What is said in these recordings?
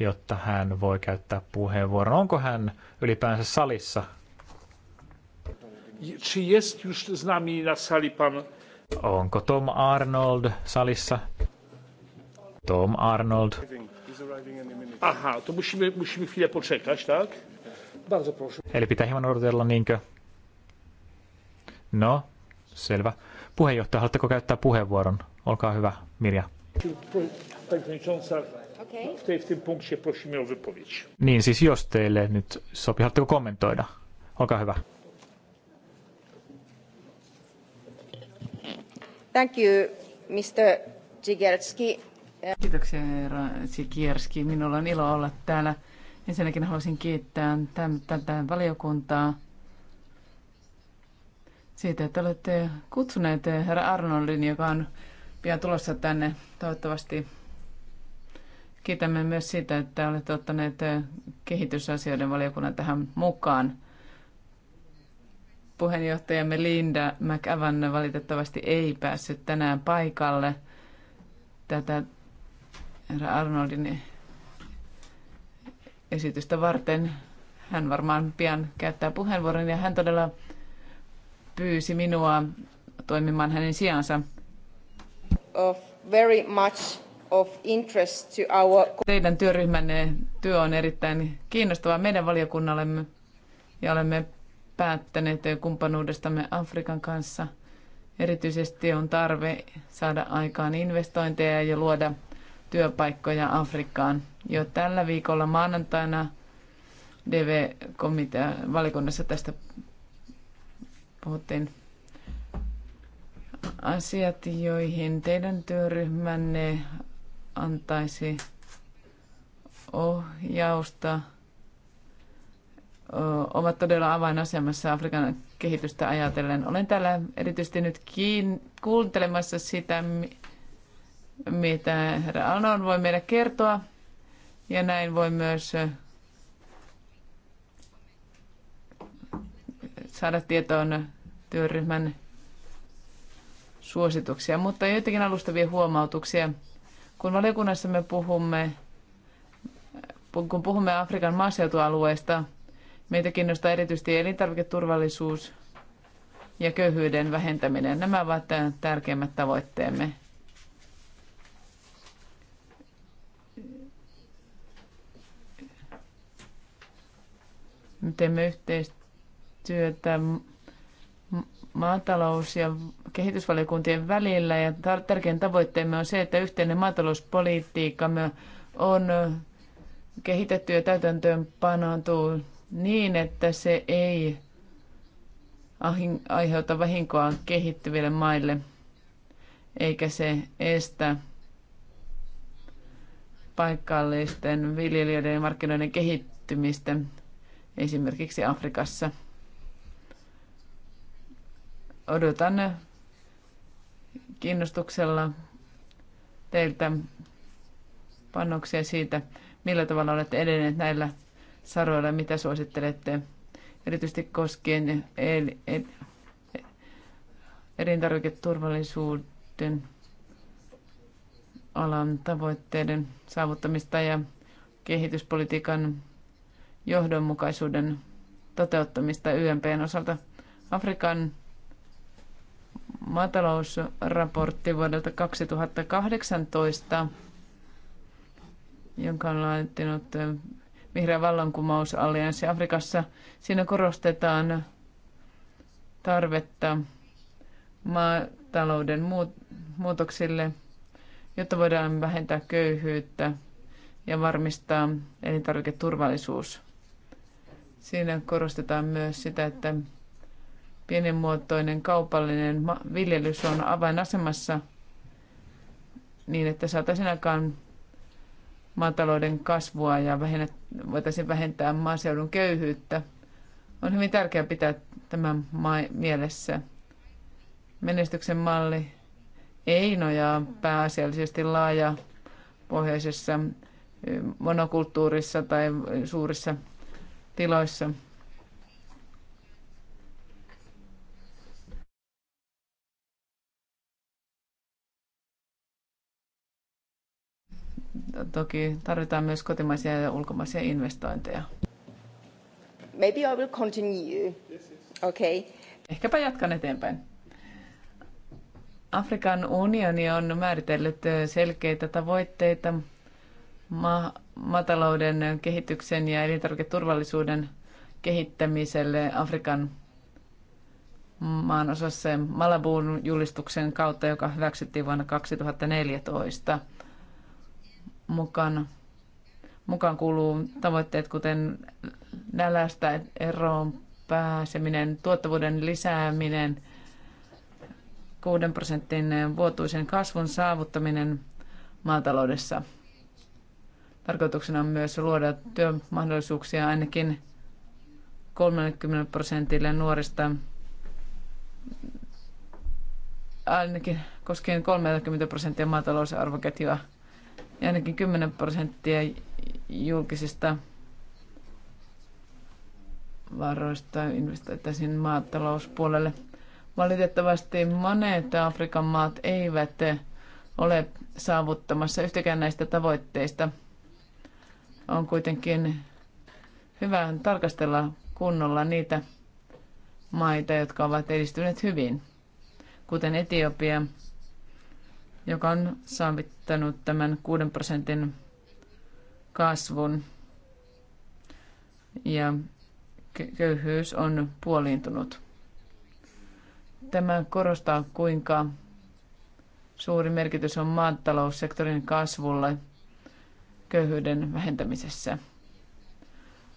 jotta hän voi käyttää puheenvuoron. Onko hän ylipäänsä salissa? Czy jest już z nami na sali pan... Onko Tom Arnold salissa? Tom Arnold. Aha, to musimy, musimy chwilę poczekać, tak? Bardzo proszę. Eli pitää hieman odotella, niinkö? No, selvä. Puheenjohtaja, haluatteko käyttää puheenvuoron? Olkaa hyvä, Mirja. Pani Okay. W, tym punkcie prosimy o wypowiedź. Niin siis jos teille nyt sopii, haluatteko kommentoida? Olkaa hyvä. Thank you, Mr. Zigerski. Kiitoksia, herra Sikierski. Minulla on ilo olla täällä. Ensinnäkin haluaisin kiittää tätä valiokuntaa siitä, että olette kutsuneet herra Arnoldin, joka on pian tulossa tänne toivottavasti Kiitämme myös siitä, että olette ottaneet kehitysasioiden valiokunnan tähän mukaan. Puheenjohtajamme Linda McAvan valitettavasti ei päässyt tänään paikalle. Tätä Arnoldin esitystä varten hän varmaan pian käyttää puheenvuoron ja hän todella pyysi minua toimimaan hänen sijansa. Of very much Our... Teidän työryhmänne työ on erittäin kiinnostavaa meidän valiokunnallemme ja olemme päättäneet kumppanuudestamme Afrikan kanssa. Erityisesti on tarve saada aikaan investointeja ja luoda työpaikkoja Afrikkaan. Jo tällä viikolla maanantaina DV-komitea valikunnassa tästä puhuttiin asiat, joihin teidän työryhmänne antaisi ohjausta, ovat todella avainasemassa Afrikan kehitystä ajatellen. Olen täällä erityisesti nyt kiin- kuuntelemassa sitä, mitä herra Anon voi meille kertoa. Ja näin voi myös saada tietoon työryhmän suosituksia, mutta joitakin alustavia huomautuksia. Kun valiokunnassa me puhumme, kun puhumme Afrikan maaseutualueista, meitä kiinnostaa erityisesti elintarviketurvallisuus ja köyhyyden vähentäminen. Nämä ovat tärkeimmät tavoitteemme. Me teemme yhteistyötä maatalous- ja kehitysvaliokuntien välillä. Ja tärkein tavoitteemme on se, että yhteinen maatalouspolitiikkamme on kehitetty ja täytäntöön panoutuu niin, että se ei aiheuta vahinkoa kehittyville maille, eikä se estä paikallisten viljelijöiden ja markkinoiden kehittymistä esimerkiksi Afrikassa – Odotan kiinnostuksella teiltä panoksia siitä, millä tavalla olette edenneet näillä saroilla, mitä suosittelette erityisesti koskien el, el, elintarviketurvallisuuden alan tavoitteiden saavuttamista ja kehityspolitiikan johdonmukaisuuden toteuttamista YMPn osalta. Afrikan maatalousraportti vuodelta 2018, jonka on laittanut Vihreä vallankumousallianssi Afrikassa. Siinä korostetaan tarvetta maatalouden muutoksille, jotta voidaan vähentää köyhyyttä ja varmistaa elintarviketurvallisuus. Siinä korostetaan myös sitä, että Pienenmuotoinen kaupallinen viljelys on avainasemassa niin, että saataisiin aikaan maatalouden kasvua ja vähennä, voitaisiin vähentää maaseudun köyhyyttä. On hyvin tärkeää pitää tämä mielessä. Menestyksen malli ei nojaa pääasiallisesti laaja pohjoisessa monokulttuurissa tai suurissa tiloissa. toki tarvitaan myös kotimaisia ja ulkomaisia investointeja. Maybe I will continue. Okay. Ehkäpä jatkan eteenpäin. Afrikan unioni on määritellyt selkeitä tavoitteita ma- matalouden kehityksen ja elintarviketurvallisuuden kehittämiselle Afrikan maan osassa Malabuun julistuksen kautta, joka hyväksyttiin vuonna 2014 mukana. Mukaan kuuluu tavoitteet, kuten nälästä eroon pääseminen, tuottavuuden lisääminen, 6 prosentin vuotuisen kasvun saavuttaminen maataloudessa. Tarkoituksena on myös luoda työmahdollisuuksia ainakin 30 prosentille nuorista ainakin koskien 30 prosenttia maatalousarvoketjua ja ainakin 10 prosenttia julkisista varoista investoitaisiin maatalouspuolelle. Valitettavasti monet Afrikan maat eivät ole saavuttamassa yhtäkään näistä tavoitteista. On kuitenkin hyvä tarkastella kunnolla niitä maita, jotka ovat edistyneet hyvin, kuten Etiopia, joka on saavittanut tämän 6 prosentin kasvun ja köyhyys on puoliintunut. Tämä korostaa, kuinka suuri merkitys on maataloussektorin kasvulle köyhyyden vähentämisessä.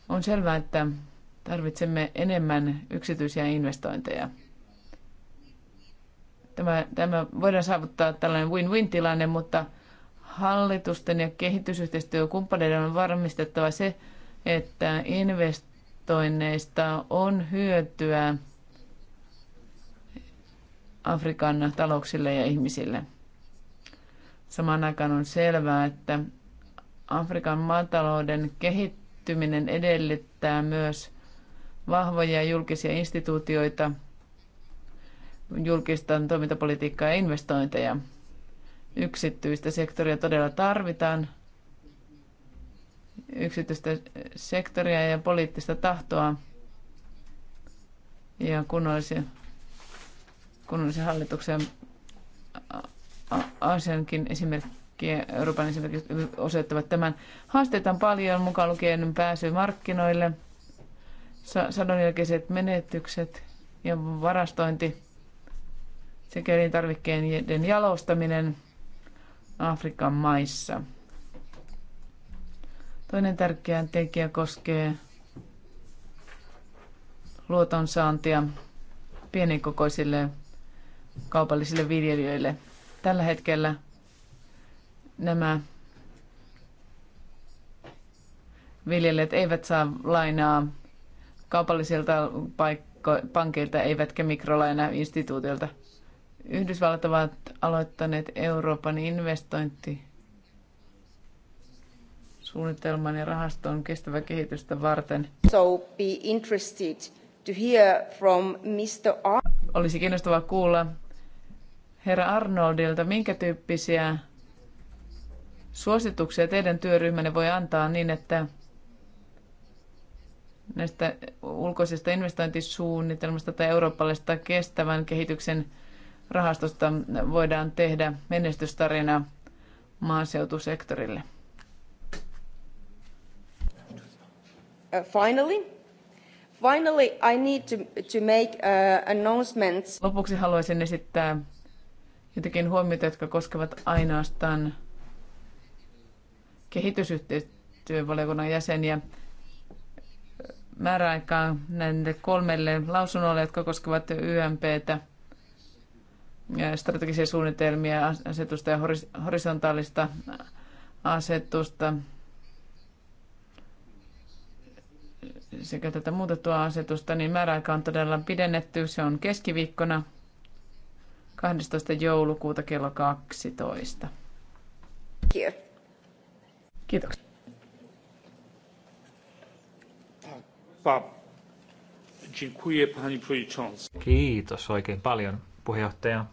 On selvää, että tarvitsemme enemmän yksityisiä investointeja – Tämä, tämä voidaan saavuttaa tällainen win-win-tilanne, mutta hallitusten ja kehitysyhteistyökumppaneiden on varmistettava se, että investoinneista on hyötyä Afrikan talouksille ja ihmisille. Samaan aikaan on selvää, että Afrikan maatalouden kehittyminen edellyttää myös vahvoja julkisia instituutioita – julkista toimintapolitiikkaa ja investointeja. Yksityistä sektoria todella tarvitaan, yksityistä sektoria ja poliittista tahtoa ja kunnollisen, kunnollisen hallituksen asiankin esimerkkiä, Euroopan esimerkiksi osoittavat tämän. Haasteita on paljon, mukaan lukien pääsy markkinoille, sadonjälkeiset menetykset ja varastointi sekä elintarvikkeiden jalostaminen Afrikan maissa. Toinen tärkeä tekijä koskee luotonsaantia pienikokoisille kaupallisille viljelijöille. Tällä hetkellä nämä viljelijät eivät saa lainaa kaupallisilta paikko- pankeilta eivätkä mikrolainainstituutilta. Yhdysvallat ovat aloittaneet Euroopan investointi suunnitelman ja rahaston kestävää kehitystä varten. So be interested to hear from Mr. Ar- Olisi kiinnostavaa kuulla herra Arnoldilta, minkä tyyppisiä suosituksia teidän työryhmänne voi antaa niin, että näistä ulkoisesta investointisuunnitelmasta tai eurooppalaisesta kestävän kehityksen rahastosta voidaan tehdä menestystarina maaseutusektorille. Uh, finally, finally I need to, to make uh, announcements. Lopuksi haluaisin esittää jotakin huomioita, jotka koskevat ainoastaan kehitysyhteistyövaliokunnan jäseniä. Määräaikaa näille kolmelle lausunnolle, jotka koskevat YMPtä strategisia suunnitelmia, asetusta ja horisontaalista asetusta sekä tätä muutettua asetusta, niin määräaika on todella pidennetty. Se on keskiviikkona 12. joulukuuta kello 12. Kiitos. Kiitoksia. Kiitos oikein paljon, puheenjohtaja.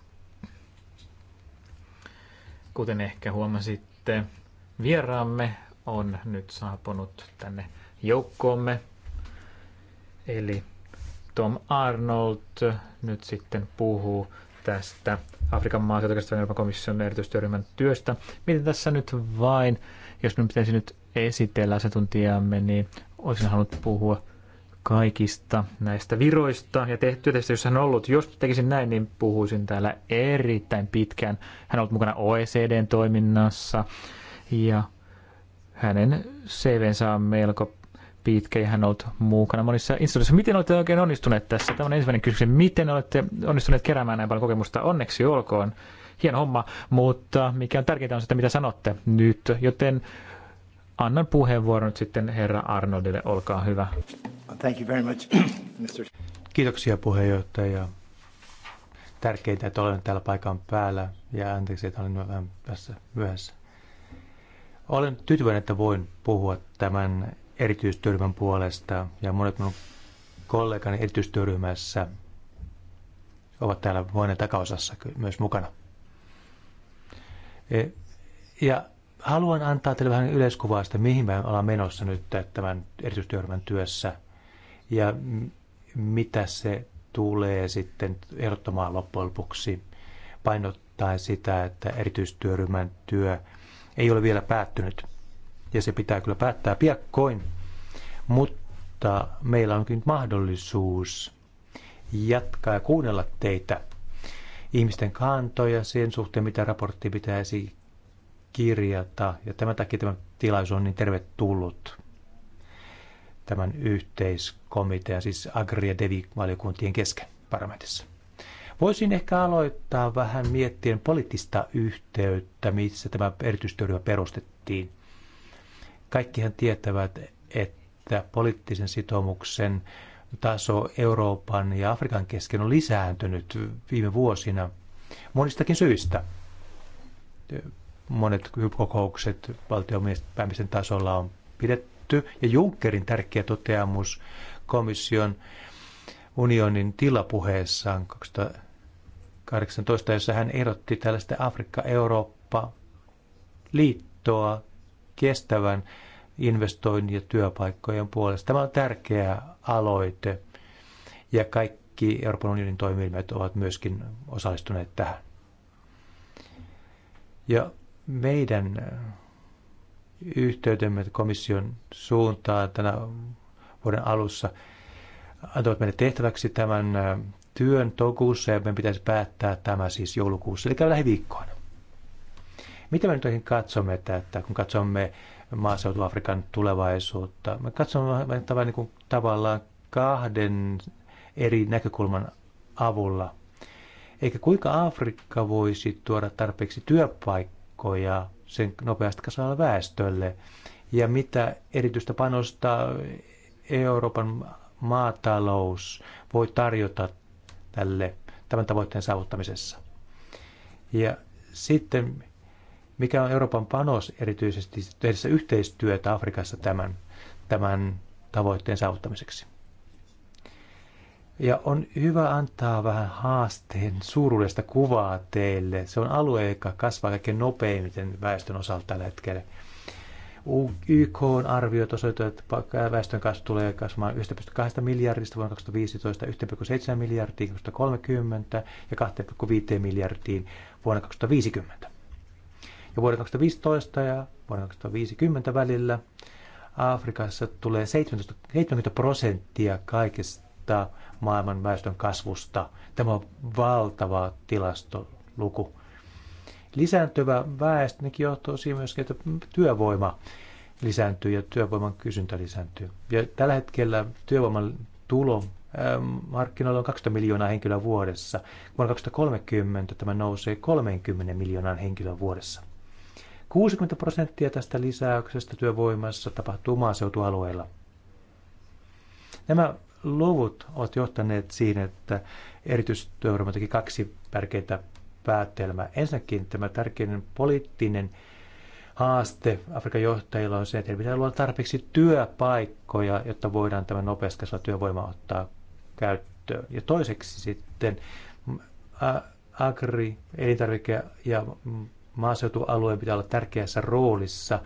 Kuten ehkä huomasitte, vieraamme on nyt saapunut tänne joukkoomme. Eli Tom Arnold nyt sitten puhuu tästä Afrikan maaseutu Euroopan komission erityistyöryhmän työstä. Miten tässä nyt vain, jos minun pitäisi nyt esitellä asiantuntijamme, niin olisin halunnut puhua kaikista näistä viroista ja tehtyötistä, jos hän on ollut. Jos tekisin näin, niin puhuisin täällä erittäin pitkään. Hän on ollut mukana OECDn toiminnassa ja hänen CVnsä on melko pitkä ja hän on ollut mukana monissa instituutioissa. Miten olette oikein onnistuneet tässä? Tämä on ensimmäinen kysymys. Miten olette onnistuneet keräämään näin paljon kokemusta? Onneksi olkoon. Hieno homma, mutta mikä on tärkeintä on se, että mitä sanotte nyt. Joten annan puheenvuoron sitten herra Arnoldille. Olkaa hyvä. Thank you very much, Mr. Kiitoksia puheenjohtaja. Tärkeintä, että olen täällä paikan päällä ja anteeksi, että olen vähän tässä myöhässä. Olen tyytyväinen, että voin puhua tämän erityistyöryhmän puolesta ja monet minun kollegani erityistyöryhmässä ovat täällä vuoden takaosassa myös mukana. E, ja haluan antaa teille vähän yleiskuvaa sitä, mihin me ollaan menossa nyt tämän erityistyöryhmän työssä ja mitä se tulee sitten erottamaan loppujen lopuksi painottaen sitä, että erityistyöryhmän työ ei ole vielä päättynyt. Ja se pitää kyllä päättää piakkoin, mutta meillä onkin mahdollisuus jatkaa ja kuunnella teitä ihmisten kantoja sen suhteen, mitä raportti pitäisi kirjata, ja tämän takia tämä tilaisuus on niin tervetullut tämän yhteiskomitean, siis Agri- ja Devi-valiokuntien kesken parlamentissa. Voisin ehkä aloittaa vähän miettien poliittista yhteyttä, missä tämä erityistyöryhmä perustettiin. Kaikkihan tietävät, että poliittisen sitoumuksen taso Euroopan ja Afrikan kesken on lisääntynyt viime vuosina monistakin syistä monet kokoukset valtionpäämisten tasolla on pidetty. Ja Junckerin tärkeä toteamus komission unionin tilapuheessaan 2018, jossa hän erotti tällaista Afrikka-Eurooppa-liittoa kestävän investoinnin ja työpaikkojen puolesta. Tämä on tärkeä aloite ja kaikki Euroopan unionin toimijat ovat myöskin osallistuneet tähän. Ja meidän yhteytemme komission suuntaan tänä vuoden alussa antoivat meille tehtäväksi tämän työn tokuussa ja meidän pitäisi päättää tämä siis joulukuussa, eli lähiviikkoina. Mitä me nyt katsomme tätä, kun katsomme maaseutu-Afrikan tulevaisuutta? Me katsomme tavallaan, niin tavallaan kahden eri näkökulman avulla. Eikä kuinka Afrikka voisi tuoda tarpeeksi työpaikkoja verkkoja sen nopeasti kasvavalle väestölle ja mitä erityistä panosta Euroopan maatalous voi tarjota tälle tämän tavoitteen saavuttamisessa. Ja sitten, mikä on Euroopan panos erityisesti tehdessä yhteistyötä Afrikassa tämän, tämän tavoitteen saavuttamiseksi? Ja on hyvä antaa vähän haasteen suuruudesta kuvaa teille. Se on alue, joka kasvaa kaikkein nopeimmin väestön osalta tällä hetkellä. YK on arviot osoittaa, että väestön kasvu tulee kasvamaan 1,2 miljardista vuonna 2015, 1,7 miljardiin 2030 ja 2,5 miljardiin vuonna 2050. Ja vuoden 2015 ja vuoden 2050 välillä Afrikassa tulee 70 prosenttia kaikesta prosenttia maailman väestön kasvusta. Tämä on valtava tilastoluku. Lisääntyvä väestö johtuu siihen myöskin, että työvoima lisääntyy ja työvoiman kysyntä lisääntyy. Ja tällä hetkellä työvoiman tulo äh, markkinoilla on 20 miljoonaa henkilöä vuodessa. Vuonna 2030 tämä nousee 30 miljoonaan henkilöä vuodessa. 60 prosenttia tästä lisäyksestä työvoimassa tapahtuu maaseutualueilla. Nämä luvut ovat johtaneet siihen, että erityistyöryhmä teki kaksi tärkeää päättelmää. Ensinnäkin tämä tärkeinen poliittinen haaste Afrikan johtajilla on se, että pitää luoda tarpeeksi työpaikkoja, jotta voidaan tämä nopeasti kasvava työvoima ottaa käyttöön. Ja toiseksi sitten mm, agri, elintarvike ja maaseutualueen pitää olla tärkeässä roolissa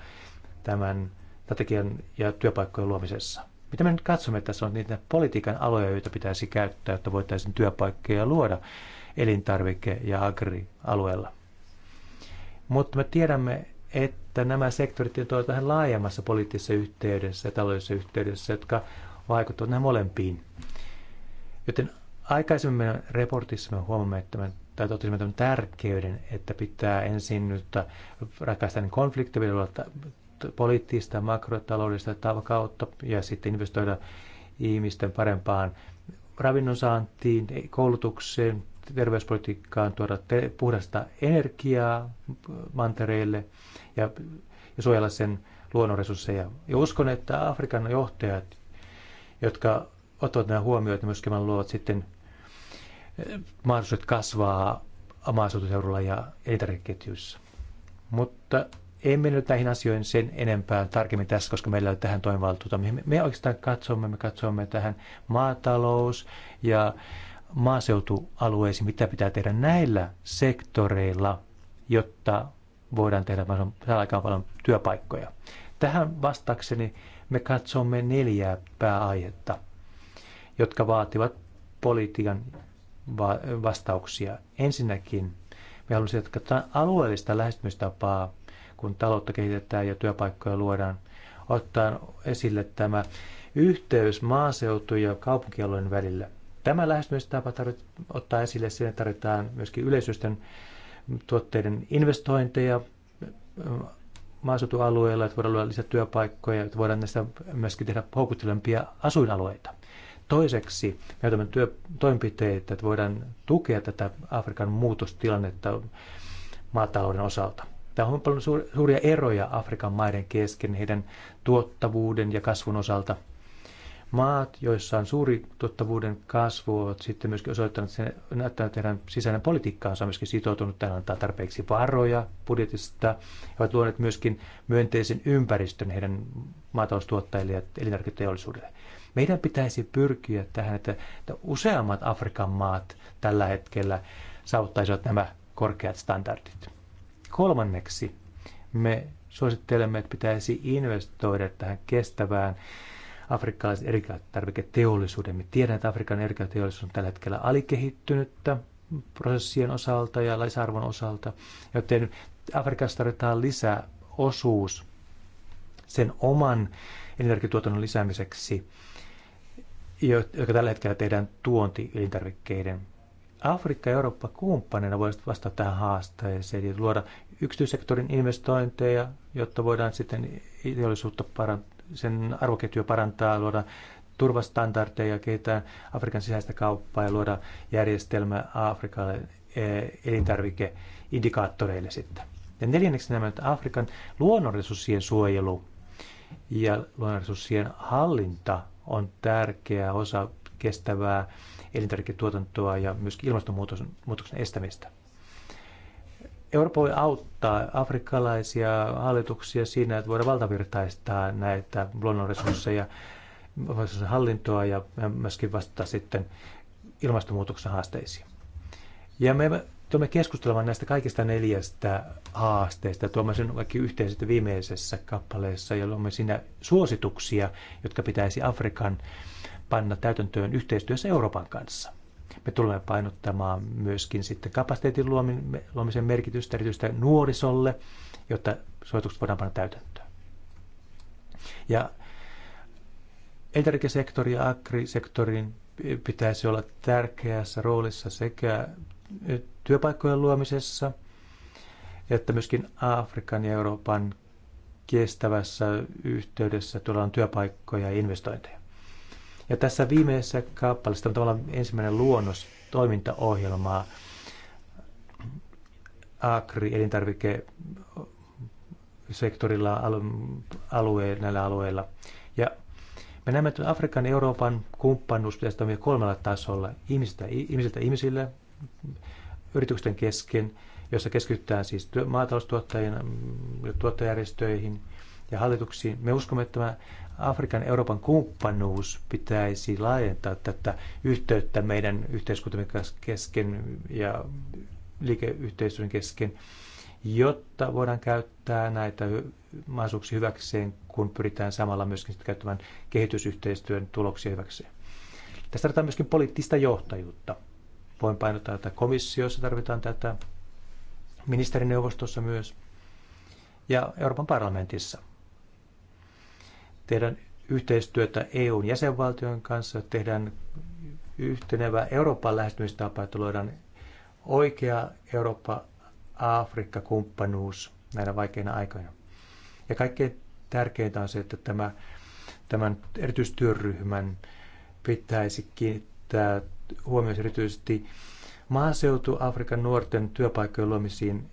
tämän strategian ja työpaikkojen luomisessa. Mitä me nyt katsomme, että tässä on niitä politiikan aloja, joita pitäisi käyttää, että voitaisiin työpaikkoja luoda elintarvike- ja agri-alueella? Mutta me tiedämme, että nämä sektorit ovat vähän laajemmassa poliittisessa yhteydessä ja taloudellisessa yhteydessä, jotka vaikuttavat näihin molempiin. Joten aikaisemmin meidän reportissa me huomamme, että me, tai totesimme tämän tärkeyden, että pitää ensin nyt rakastaa konflikteja, poliittista, makrotaloudellista kautta ja sitten investoida ihmisten parempaan ravinnon saantiin, koulutukseen, terveyspolitiikkaan, tuoda te- puhdasta energiaa mantereille ja, ja suojella sen luonnonresursseja. Ja uskon, että Afrikan johtajat, jotka ottavat nämä huomioon, että myöskin luovat sitten eh, mahdollisuudet kasvaa maaseutuseudulla ja elintarvikeketjuissa. Mutta emme nyt näihin asioihin sen enempää tarkemmin tässä, koska meillä on tähän toimivaltuutta. Me oikeastaan katsomme, me katsomme tähän maatalous ja maaseutualueisiin, mitä pitää tehdä näillä sektoreilla, jotta voidaan tehdä aikaan paljon työpaikkoja. Tähän vastakseni me katsomme neljää pääaihetta, jotka vaativat politiikan vastauksia. Ensinnäkin me haluaisimme katsoa alueellista lähestymistapaa kun taloutta kehitetään ja työpaikkoja luodaan, ottaa esille tämä yhteys maaseutu- ja kaupunkialueen välillä. Tämä lähestymistapa tarvit, ottaa esille, siinä tarvitaan myöskin yleisöisten tuotteiden investointeja mm, maaseutualueella, että voidaan luoda lisää työpaikkoja, että voidaan näistä myöskin tehdä houkuttelempia asuinalueita. Toiseksi me otamme työ, toimenpiteitä, että voidaan tukea tätä Afrikan muutostilannetta maatalouden osalta. Tämä on paljon suuria eroja Afrikan maiden kesken heidän tuottavuuden ja kasvun osalta. Maat, joissa on suuri tuottavuuden kasvu, ovat sitten myöskin osoittaneet sen, että heidän sisäinen politiikkaansa on myöskin sitoutunut tähän antaa tarpeeksi varoja budjetista. He ovat luoneet myöskin myönteisen ympäristön heidän maataloustuottajille ja elintarviketeollisuudelle. Meidän pitäisi pyrkiä tähän, että, että useammat Afrikan maat tällä hetkellä saavuttaisivat nämä korkeat standardit. Kolmanneksi me suosittelemme, että pitäisi investoida tähän kestävään afrikkalaisen erikäyttötarviketeollisuuden. Me tiedän, että Afrikan erikäyttöteollisuus on tällä hetkellä alikehittynyttä prosessien osalta ja laisarvon osalta, joten Afrikassa tarvitaan lisää osuus sen oman energiatuotannon lisäämiseksi, joka tällä hetkellä tehdään tuonti-elintarvikkeiden Afrikka ja Eurooppa kumppanina voisivat vastata tähän haasteeseen ja luoda yksityissektorin investointeja, jotta voidaan sitten ideollisuutta parantaa, sen arvoketjua parantaa, luoda turvastandardeja, kehittää Afrikan sisäistä kauppaa ja luoda järjestelmä Afrikalle e, elintarvikeindikaattoreille sitten. Ja neljänneksi nämä, että Afrikan luonnonresurssien suojelu ja luonnonresurssien hallinta on tärkeä osa kestävää elintarviketuotantoa ja myöskin ilmastonmuutoksen estämistä. Eurooppa voi auttaa afrikkalaisia hallituksia siinä, että voidaan valtavirtaistaa näitä luonnonresursseja, hallintoa ja myöskin vastata sitten ilmastonmuutoksen haasteisiin. Ja me tulemme keskustelemaan näistä kaikista neljästä haasteesta. Tuomme sen kaikki yhteen sitten viimeisessä kappaleessa ja luomme siinä suosituksia, jotka pitäisi Afrikan panna täytäntöön yhteistyössä Euroopan kanssa. Me tulemme painottamaan myöskin sitten kapasiteetin luomisen merkitystä erityisesti nuorisolle, jotta suositukset voidaan panna täytäntöön. Ja elintarvikesektori ja agrisektorin pitäisi olla tärkeässä roolissa sekä työpaikkojen luomisessa, että myöskin Afrikan ja Euroopan kestävässä yhteydessä tuolla on työpaikkoja ja investointeja. Ja tässä viimeisessä kappaleessa on tavallaan ensimmäinen luonnos toimintaohjelmaa Agri, elintarvike sektorilla, alue, näillä alueilla. Ja me näemme, että Afrikan Euroopan kumppanuus pitäisi toimia kolmella tasolla. Ihmisiltä, ihmisiltä ihmisille, yritysten kesken, jossa keskitytään siis maataloustuottajien, tuottajärjestöihin ja hallituksiin. Me uskomme, että tämä Afrikan Euroopan kumppanuus pitäisi laajentaa tätä yhteyttä meidän yhteiskuntamme kesken ja liikeyhteisön kesken, jotta voidaan käyttää näitä mahdollisuuksia hyväkseen, kun pyritään samalla myöskin käyttämään kehitysyhteistyön tuloksia hyväkseen. Tässä tarvitaan myöskin poliittista johtajuutta. Voin painottaa, että komissiossa tarvitaan tätä, ministerineuvostossa myös ja Euroopan parlamentissa – tehdään yhteistyötä EUn jäsenvaltion kanssa, tehdään yhtenevä Euroopan lähestymistapa, että luodaan oikea Eurooppa-Afrikka-kumppanuus näinä vaikeina aikoina. Ja kaikkein tärkeintä on se, että tämä, tämän erityistyöryhmän pitäisi kiinnittää huomioon erityisesti maaseutu Afrikan nuorten työpaikkojen luomisiin.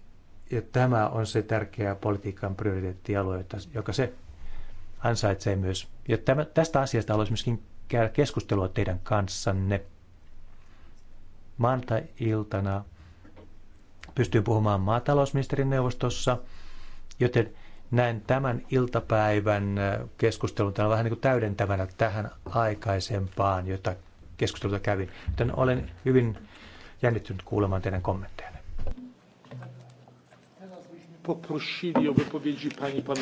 Ja tämä on se tärkeä politiikan prioriteettialue, joka se ansaitsee myös. Ja tämä, tästä asiasta haluaisin myöskin käydä keskustelua teidän kanssanne. maanantai iltana pystyin puhumaan maatalousministerin neuvostossa, joten näen tämän iltapäivän äh, keskustelun täällä vähän niin kuin täydentävänä tähän aikaisempaan, jota keskustelua kävin. Joten olen hyvin jännittynyt kuulemaan teidän kommentteja poprosili o wypowiedzi pani po...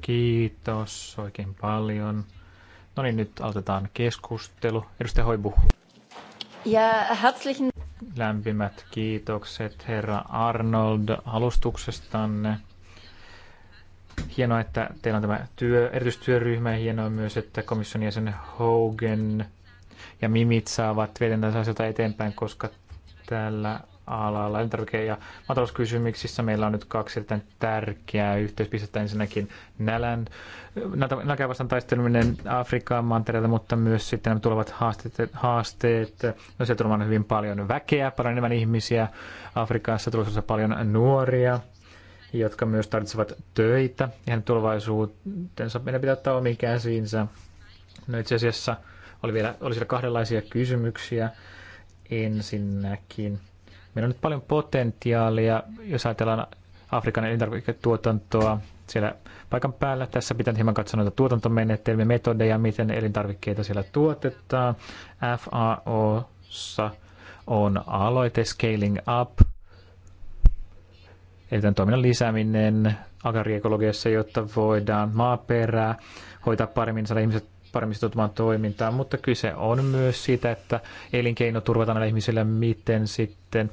Kiitos oikein paljon. No niin, nyt aloitetaan keskustelu. Edustaja Hoibu. Ja herzlichen... Lämpimät kiitokset herra Arnold alustuksestanne. Hienoa, että teillä on tämä työ, erityistyöryhmä hienoa myös, että komission jäsen Hogan ja Mimit saavat vietäntänsä asioita eteenpäin, koska täällä alalla elintarvike- ja matalouskysymyksissä meillä on nyt kaksi erittäin tärkeää yhteispistettä. Ensinnäkin nälän, nälkää vastaan taisteleminen Afrikan mantereelta, mutta myös sitten nämä tulevat haasteet. haasteet. No se tulee hyvin paljon väkeä, paljon enemmän ihmisiä. Afrikassa tulossa paljon nuoria jotka myös tarvitsevat töitä ja tulevaisuutensa meidän pitää ottaa omiin käsiinsä. No itse asiassa oli vielä oli siellä kahdenlaisia kysymyksiä. Ensinnäkin Meillä on nyt paljon potentiaalia, jos ajatellaan Afrikan elintarviketuotantoa siellä paikan päällä. Tässä pitää hieman katsoa noita tuotantomenetelmiä, metodeja, miten elintarvikkeita siellä tuotetaan. FAOssa on aloite Scaling Up, eli tämän toiminnan lisääminen agariekologiassa, jotta voidaan maaperää hoitaa paremmin, saada ihmiset paremmin sitoutumaan toimintaan, mutta kyse on myös siitä, että elinkeino turvataan näille ihmisille, miten sitten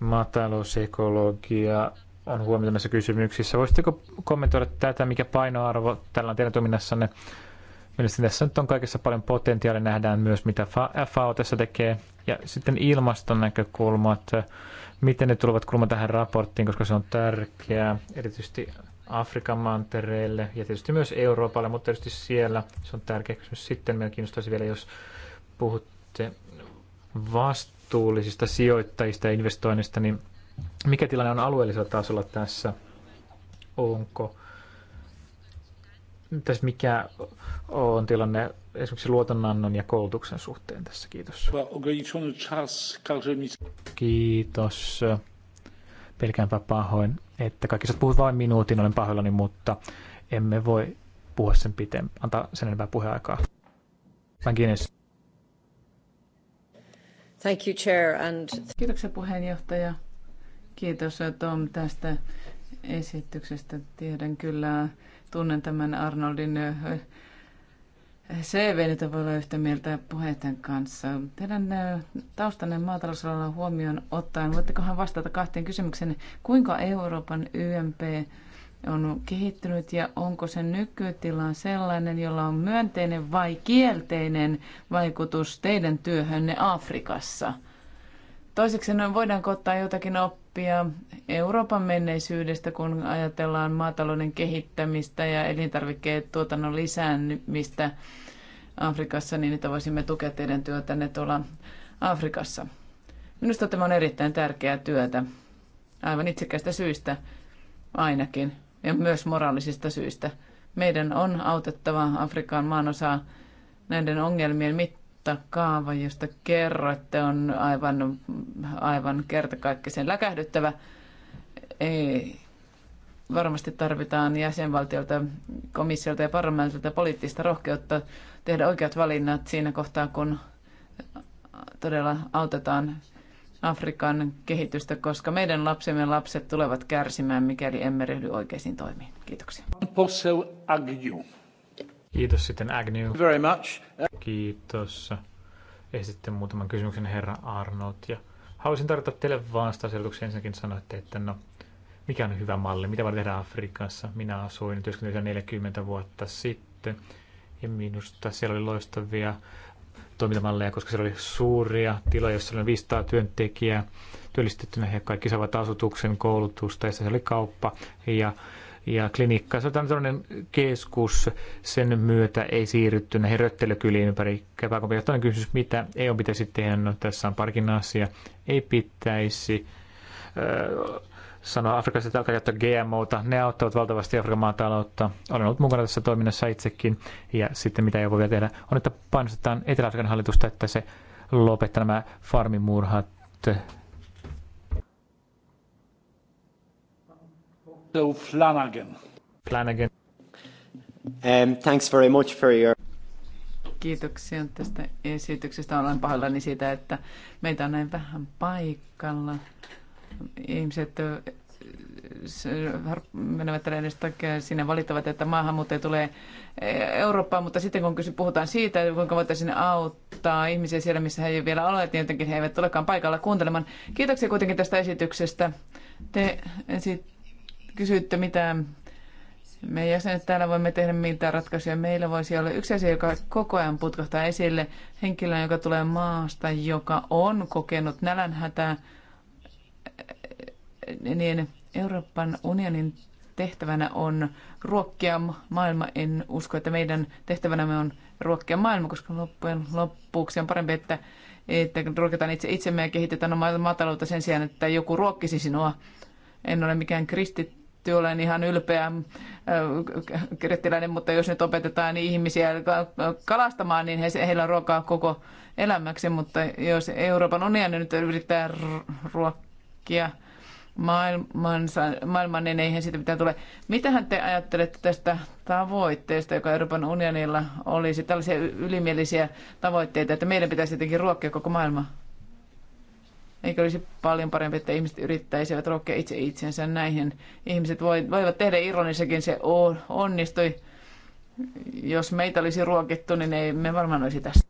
maatalousekologia on huomioitu näissä kysymyksissä. Voisitteko kommentoida tätä, mikä painoarvo tällä on teidän toiminnassanne? Mielestäni tässä nyt on kaikessa paljon potentiaalia, nähdään myös mitä FAO tässä tekee. Ja sitten ilmaston näkökulmat, miten ne tulevat kulma tähän raporttiin, koska se on tärkeää, erityisesti Afrikan mantereelle ja tietysti myös Euroopalle, mutta tietysti siellä se on tärkeä kysymys. Sitten meillä kiinnostaisi vielä, jos puhutte vastuullisista sijoittajista ja investoinnista, niin mikä tilanne on alueellisella tasolla tässä? Onko tässä mikä on tilanne esimerkiksi luotonannon ja koulutuksen suhteen tässä? Kiitos. Kiitos. Pelkäänpä pahoin että kaikki sä puhut vain minuutin, olen pahoillani, mutta emme voi puhua sen pitempään, antaa sen enempää puheaikaa. Thank you, Chair, and... Kiitoksia puheenjohtaja. Kiitos Tom tästä esityksestä. Tiedän kyllä, tunnen tämän Arnoldin CVtä voi olla yhtä mieltä puheiden kanssa. Teidän taustanne maatalousalalla huomioon ottaen, voittekohan vastata kahteen kysymykseen. Kuinka Euroopan YMP on kehittynyt ja onko se nykytila sellainen, jolla on myönteinen vai kielteinen vaikutus teidän työhönne Afrikassa? Toiseksi voidaanko ottaa jotakin oppia oppia Euroopan menneisyydestä, kun ajatellaan maatalouden kehittämistä ja elintarvikkeet tuotannon lisäämistä Afrikassa, niin että voisimme tukea teidän työtänne tuolla Afrikassa. Minusta tämä on erittäin tärkeää työtä, aivan itsekästä syistä ainakin, ja myös moraalisista syistä. Meidän on autettava Afrikan maanosaa näiden ongelmien mit- mutta kaava, josta kerroitte, on aivan, aivan kertakaikkisen läkähdyttävä. Ei, varmasti tarvitaan jäsenvaltiolta, komissiolta ja parlamentilta poliittista rohkeutta tehdä oikeat valinnat siinä kohtaa, kun todella autetaan Afrikan kehitystä, koska meidän lapsemme lapset tulevat kärsimään, mikäli emme ryhdy oikeisiin toimiin. Kiitoksia. Kiitos sitten Agnew. Very much. Kiitos. Esitten muutaman kysymyksen herra Arnold. Ja haluaisin tarjota teille vastaselvityksen. Ensinnäkin sanoitte, että no, mikä on hyvä malli, mitä voi tehdä Afrikassa. Minä asuin työskentelyssä 40 vuotta sitten ja minusta siellä oli loistavia toimintamalleja, koska siellä oli suuria tiloja, joissa oli 500 työntekijää työllistettynä He kaikki saavat asutuksen, koulutusta ja se oli kauppa ja ja klinikka. Se on tällainen keskus, sen myötä ei siirrytty näihin röttelykyliin ympäri Toinen kysymys, mitä on e pitäisi tehdä, no tässä on parkin asia, ei pitäisi sanoa Afrikassa että alkaa käyttää GMOta. Ne auttavat valtavasti Afrikan maataloutta. Olen ollut mukana tässä toiminnassa itsekin. Ja sitten mitä ei voi vielä tehdä, on, että painostetaan Etelä-Afrikan hallitusta, että se lopettaa nämä farmimurhat So Flanagan. Flanagan. Um, thanks very much for your... Kiitoksia tästä esityksestä. Olen pahoillani siitä, että meitä on näin vähän paikalla. Ihmiset menevät edes takia sinne valittavat, että maahanmuuttaja tulee e, Eurooppaan, mutta sitten kun kysy, puhutaan siitä, kuinka voitaisiin auttaa ihmisiä siellä, missä he eivät vielä ole, niin jotenkin he eivät tulekaan paikalla kuuntelemaan. Kiitoksia kuitenkin tästä esityksestä. Te esitte kysyitte, mitä me jäsenet täällä voimme tehdä mitä ratkaisuja meillä voisi olla. Yksi asia, joka koko ajan putkahtaa esille, henkilö, joka tulee maasta, joka on kokenut nälänhätää, niin Euroopan unionin tehtävänä on ruokkia maailma. En usko, että meidän tehtävänämme on ruokkia maailma, koska loppujen loppuksi on parempi, että, että ruokitaan itse itsemme ja kehitetään omaa maataloutta sen sijaan, että joku ruokkisi sinua. En ole mikään kristitty tietysti olen ihan ylpeä äh, kirjoittilainen, mutta jos nyt opetetaan ihmisiä kalastamaan, niin heillä on ruokaa koko elämäksi, mutta jos Euroopan unioni nyt yrittää ruokkia maailmansa, maailman, niin eihän siitä mitään tule. Mitähän te ajattelette tästä tavoitteesta, joka Euroopan unionilla olisi, tällaisia ylimielisiä tavoitteita, että meidän pitäisi jotenkin ruokkia koko maailmaa? Eikö olisi paljon parempi, että ihmiset yrittäisivät rokkea itse itsensä näihin? Ihmiset voivat tehdä ironissakin, se onnistui. Jos meitä olisi ruokittu, niin ei me varmaan olisi tässä.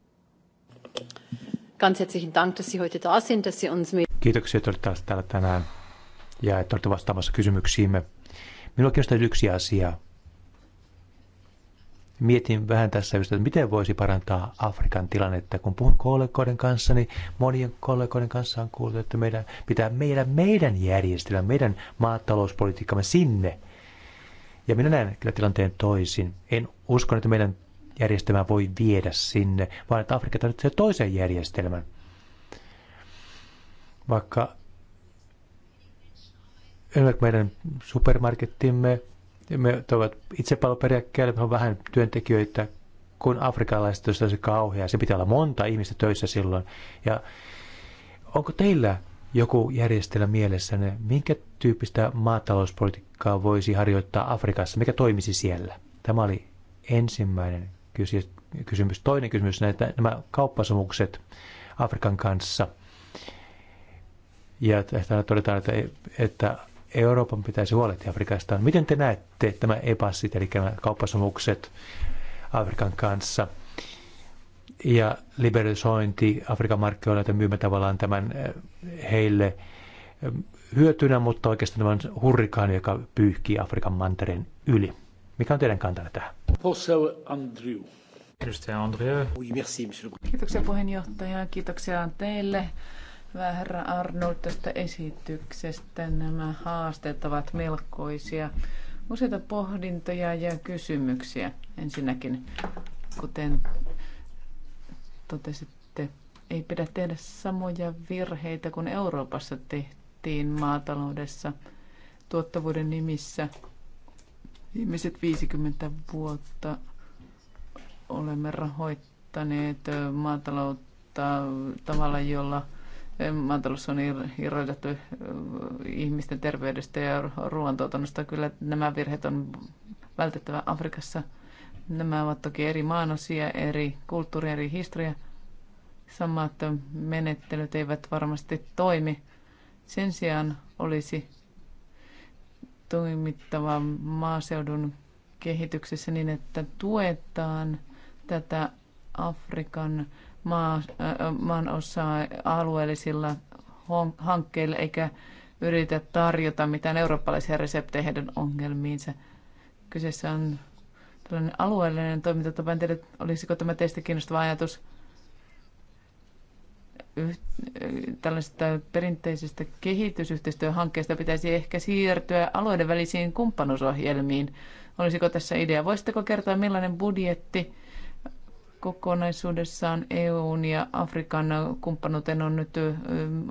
Ganz herzlichen Dank, dass Sie heute da sind, dass Sie uns mit... Kiitoksia, että olette täällä tänään ja että olette vastaamassa kysymyksiimme. Minulla on yksi asia, mietin vähän tässä että miten voisi parantaa Afrikan tilannetta. Kun puhun kollegoiden kanssa, niin monien kollegoiden kanssa on kuultu, että meidän pitää meidän, meidän järjestelmä, meidän maatalouspolitiikkamme sinne. Ja minä näen kyllä tilanteen toisin. En usko, että meidän järjestelmä voi viedä sinne, vaan että Afrikka tarvitsee toisen järjestelmän. Vaikka meidän supermarkettimme me ovat me on vähän työntekijöitä kuin afrikalaiset, jos se kauhea. Se pitää olla monta ihmistä töissä silloin. Ja onko teillä joku järjestelmä mielessänne, minkä tyyppistä maatalouspolitiikkaa voisi harjoittaa Afrikassa, mikä toimisi siellä? Tämä oli ensimmäinen kysymys. Toinen kysymys, näitä, nämä kauppasomukset Afrikan kanssa. Ja tästä todetaan, että, että Euroopan pitäisi huolehtia Afrikasta. Miten te näette tämä epassit, eli kauppasomukset Afrikan kanssa ja liberalisointi Afrikan markkinoilla, että myymme tavallaan tämän eh, heille eh, hyötynä, mutta oikeastaan tämän hurrikaani, joka pyyhkii Afrikan mantereen yli. Mikä on teidän kantanne tähän? Posel Andrew. Edustaja Andrew. Kiitoksia puheenjohtaja, kiitoksia teille herra Arnold tästä esityksestä. Nämä haasteet ovat melkoisia. Useita pohdintoja ja kysymyksiä. Ensinnäkin, kuten totesitte, ei pidä tehdä samoja virheitä kuin Euroopassa tehtiin maataloudessa tuottavuuden nimissä. Viimeiset 50 vuotta olemme rahoittaneet maataloutta tavalla, jolla – maatalous on irrotettu ihmisten terveydestä ja ruoantuotannosta. Kyllä nämä virheet on vältettävä Afrikassa. Nämä ovat toki eri maanosia, eri kulttuuria, eri historia. Samat menettelyt eivät varmasti toimi. Sen sijaan olisi toimittava maaseudun kehityksessä niin, että tuetaan tätä Afrikan maa, äh, maan osaa alueellisilla hankkeilla eikä yritä tarjota mitään eurooppalaisia reseptejä heidän ongelmiinsa. Kyseessä on tällainen alueellinen toimintatapa. En tiedä, olisiko tämä teistä kiinnostava ajatus äh, tällaisesta perinteisestä kehitysyhteistyöhankkeesta pitäisi ehkä siirtyä alueiden välisiin kumppanuusohjelmiin. Olisiko tässä idea? Voisitteko kertoa, millainen budjetti kokonaisuudessaan EUn ja Afrikan kumppanuuteen on nyt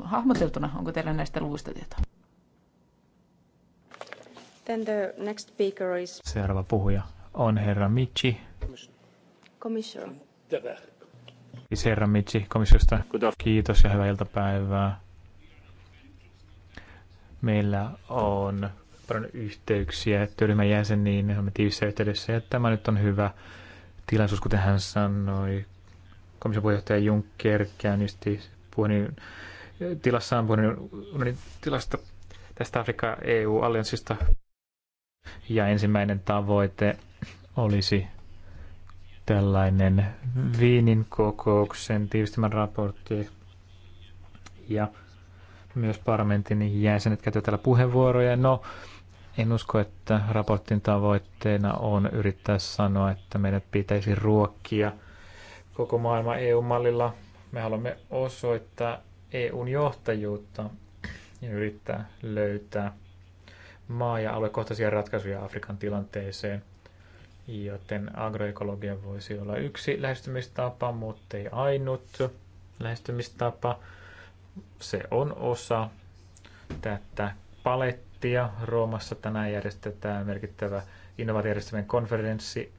hahmoteltuna? Onko teillä näistä luvuista tietoa? Then the next speaker is... Seuraava puhuja on herra Michi. Commission. Siis herra Michi komissiosta. Kiitos ja hyvää iltapäivää. Meillä on paljon yhteyksiä työryhmän jäseniin, olemme tiivissä yhteydessä ja tämä nyt on hyvä tilaisuus, kuten hän sanoi. Komission puheenjohtaja Juncker käynnisti puhuin tilassaan puhuin tilasta tästä Afrikka-EU-allianssista. Ja ensimmäinen tavoite olisi tällainen Viinin kokouksen tiivistelmän raportti. Ja myös parlamentin jäsenet käyttävät täällä puheenvuoroja. No, en usko, että raportin tavoitteena on yrittää sanoa, että meidän pitäisi ruokkia koko maailma EU-mallilla. Me haluamme osoittaa EUn johtajuutta ja yrittää löytää maa- ja aluekohtaisia ratkaisuja Afrikan tilanteeseen, joten agroekologia voisi olla yksi lähestymistapa, mutta ei ainut lähestymistapa. Se on osa tätä palettia prosenttia. Roomassa tänään järjestetään merkittävä innovaatiojärjestelmän konferenssi.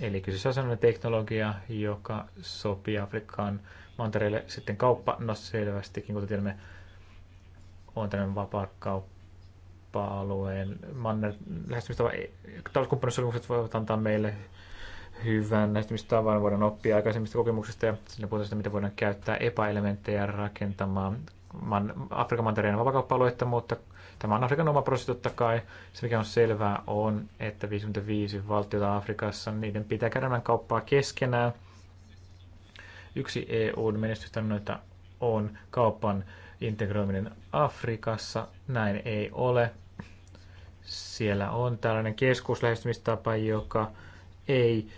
Eli kyseessä on sellainen teknologia, joka sopii Afrikkaan mantereelle. Sitten kauppa, no selvästikin, kuten tiedämme, on tämmöinen kauppa alueen manner lähestymistapa. Talouskumppanuussopimukset voivat antaa meille hyvän lähestymistavan, voidaan oppia aikaisemmista kokemuksista ja sinne puhutaan sitä, miten voidaan käyttää epäelementtejä rakentamaan man, Afrikan mantereen vapakauppa mutta tämä on Afrikan oma prosessi totta kai. Se mikä on selvää on, että 55 valtiota Afrikassa, niiden pitää käydä kauppaa keskenään. Yksi EUn menestystarinoita on kaupan integroiminen Afrikassa. Näin ei ole. Siellä on tällainen keskuslähestymistapa, joka ei,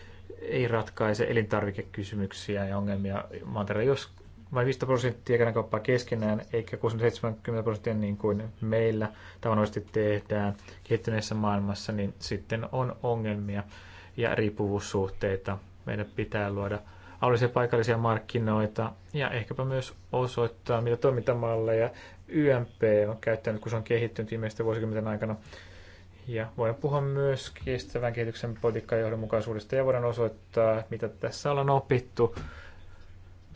ei ratkaise elintarvikekysymyksiä ja ongelmia mantereella, jos vain 5 prosenttia käydään kauppaa keskenään, eikä 60-70 prosenttia niin kuin meillä tavallisesti tehdään kehittyneessä maailmassa, niin sitten on ongelmia ja riippuvuussuhteita. Meidän pitää luoda alueellisia paikallisia markkinoita ja ehkäpä myös osoittaa, mitä toimintamalleja YMP on käyttänyt, kun se on kehittynyt viimeisten vuosikymmenten aikana. Ja voidaan puhua myös kestävän kehityksen politiikan johdonmukaisuudesta ja voidaan osoittaa, mitä tässä ollaan opittu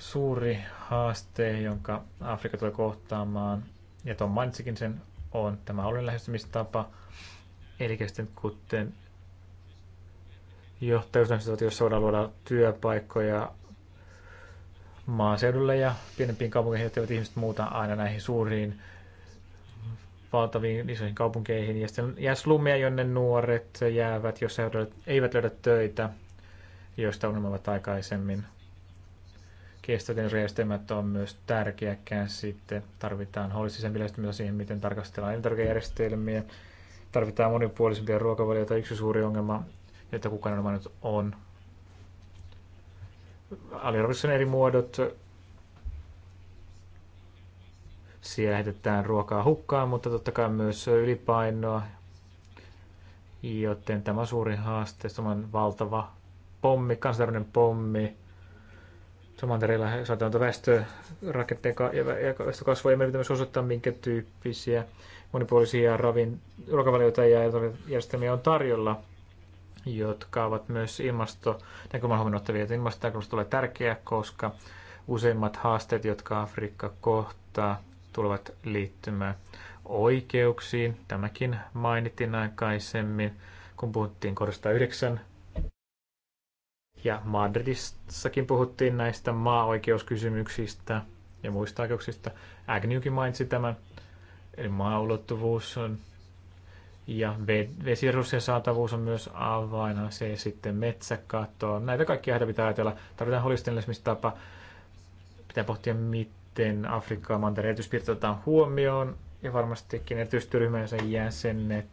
suuri haaste, jonka Afrikka tulee kohtaamaan, ja Tom mainitsikin sen, on tämä olen lähestymistapa. Eli sitten kuten johtajuusnäytöt, voidaan luoda työpaikkoja maaseudulle ja pienempiin kaupunkeihin, jotta ihmiset muuta aina näihin suuriin valtaviin isoihin kaupunkeihin. Ja sitten jää slumia, jonne nuoret jäävät, jos he eivät löydä töitä, joista unelmoivat aikaisemmin. Kestävyydenjärjestelmät on myös tärkeäkään sitten Tarvitaan holistisempi lähestymistä siihen, miten tarkastellaan elintarvikejärjestelmiä. Tarvitaan monipuolisempia ruokavalioita. Yksi suuri ongelma, että kukaan on nyt on aliarvostuksen eri muodot. Siellä lähetetään ruokaa hukkaan, mutta totta kai myös ylipainoa. Joten tämä suuri haaste, se on valtava pommi, kansainvälinen pommi, Samantereilla saatavanta väestörakenteen ja väestökasvua, ja meidän pitää myös osoittaa, minkä tyyppisiä monipuolisia ravin, ruokavalioita ja järjestelmiä on tarjolla, jotka ovat myös ilmastonäkökulman huomioon ottavia. Ilmastonäkökulmasta tulee tärkeää, koska useimmat haasteet, jotka Afrikka kohtaa, tulevat liittymään oikeuksiin. Tämäkin mainittiin aikaisemmin, kun puhuttiin korostaa 9 ja Madridissakin puhuttiin näistä maa-oikeuskysymyksistä ja muista oikeuksista. Agnewkin mainitsi tämän, eli maaulottuvuus on ja vesiresurssien saatavuus on myös avaina, se sitten metsäkato. Näitä kaikkia heitä pitää ajatella. Tarvitaan tapa. Pitää pohtia, miten Afrikkaa mantereen erityispiirteet otetaan huomioon. Ja varmastikin erityistyryhmänsä jäsenet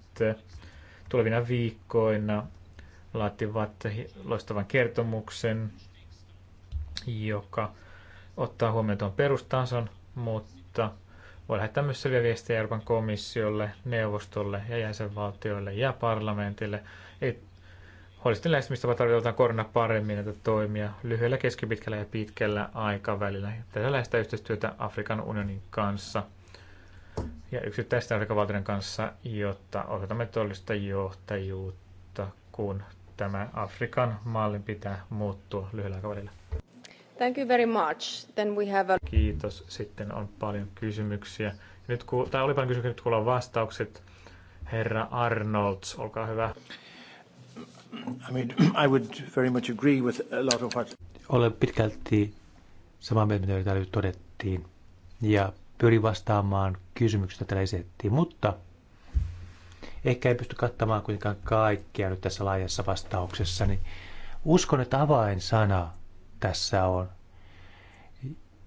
tulevina viikkoina laativat loistavan kertomuksen, joka ottaa huomioon tuon perustason, mutta voi lähettää myös selviä viestejä Euroopan komissiolle, neuvostolle ja jäsenvaltioille ja parlamentille. Eli holistinen lähestymistapa tarvitaan korona paremmin näitä toimia lyhyellä, keskipitkällä ja pitkällä aikavälillä. Tässä lähestää yhteistyötä Afrikan unionin kanssa ja yksittäisten Afrikan valtioiden kanssa, jotta otetaan todellista johtajuutta, kun tämä Afrikan mallin pitää muuttua lyhyellä aikavälillä. Thank you very much. Then we have a... Kiitos. Sitten on paljon kysymyksiä. Nyt ku... tai oli paljon kysymyksiä, nyt kuullaan vastaukset. Herra Arnolds, olkaa hyvä. I mean, I would very much agree with a lot of what... Olen pitkälti samaa mieltä, mitä täällä todettiin. Ja pyrin vastaamaan kysymyksiä, joita täällä esitettiin. Mutta Ehkä ei pysty kattamaan kuitenkaan kaikkia nyt tässä laajassa vastauksessa. Niin uskon, että avainsana tässä on.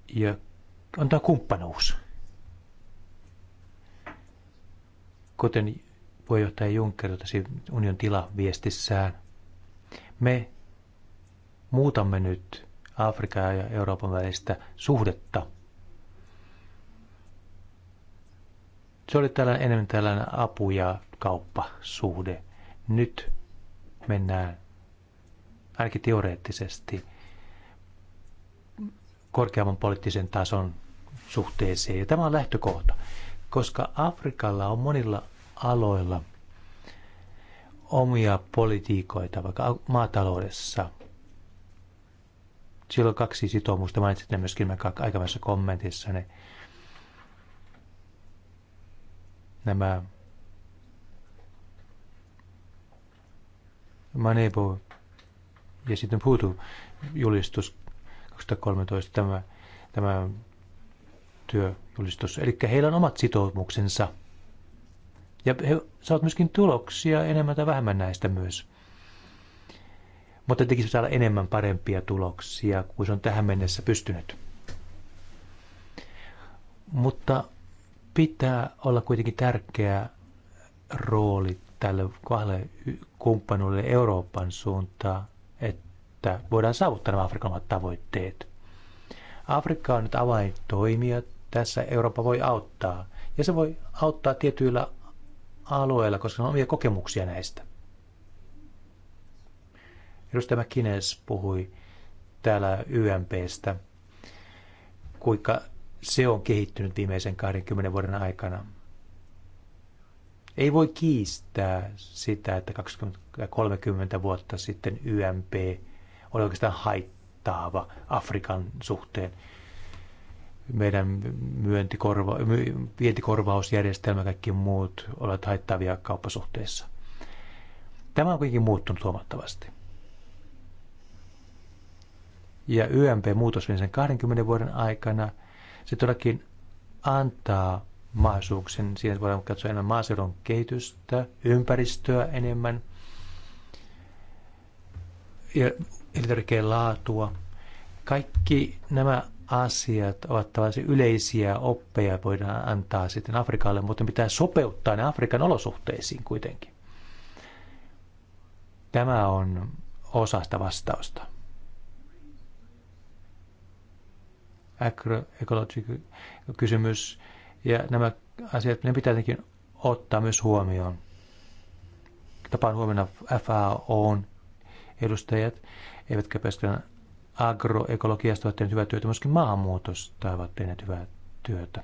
Ja on tämä kumppanuus. Kuten puheenjohtaja Juncker totesi union tilaviestissään, me muutamme nyt Afrikan ja Euroopan välistä suhdetta – Se oli täällä enemmän tällainen apu- ja kauppasuhde. Nyt mennään ainakin teoreettisesti korkeamman poliittisen tason suhteeseen. Ja tämä on lähtökohta, koska Afrikalla on monilla aloilla omia politiikoita, vaikka maataloudessa. Silloin kaksi sitoumusta, mainitsit ne myöskin aikaisemmassa kommentissa, ne nämä Manebo ja sitten puutu julistus 2013 tämä, tämä työjulistus. Eli heillä on omat sitoumuksensa. Ja he saavat myöskin tuloksia enemmän tai vähemmän näistä myös. Mutta tekisi saada enemmän parempia tuloksia kuin se on tähän mennessä pystynyt. Mutta pitää olla kuitenkin tärkeä rooli tälle kahdelle kumppanuille Euroopan suuntaan, että voidaan saavuttaa nämä Afrikan tavoitteet. Afrikka on nyt avaintoimija, tässä Eurooppa voi auttaa. Ja se voi auttaa tietyillä alueilla, koska on omia kokemuksia näistä. Edustaja McKinnes puhui täällä YMPstä, kuinka se on kehittynyt viimeisen 20 vuoden aikana. Ei voi kiistää sitä, että 20-30 vuotta sitten YMP oli oikeastaan haittaava Afrikan suhteen. Meidän myöntikorva, vientikorvausjärjestelmä ja kaikki muut ovat haittavia kauppasuhteissa. Tämä on kuitenkin muuttunut huomattavasti. Ja YMP-muutos sen 20 vuoden aikana – se todellakin antaa mahdollisuuksien. Siinä voidaan katsoa enemmän maaseudun kehitystä, ympäristöä enemmän ja elintarvikkeen laatua. Kaikki nämä asiat ovat tällaisia yleisiä oppeja, voidaan antaa sitten Afrikalle, mutta pitää sopeuttaa ne Afrikan olosuhteisiin kuitenkin. Tämä on osa sitä vastausta. agroekologi-kysymys, ja nämä asiat ne pitää tietenkin ottaa myös huomioon. Tapaan huomenna FAOn edustajat, eivätkä pelkästään agroekologiasta ovat tehneet hyvää työtä, myöskin maahanmuutosta ovat tehneet hyvää työtä.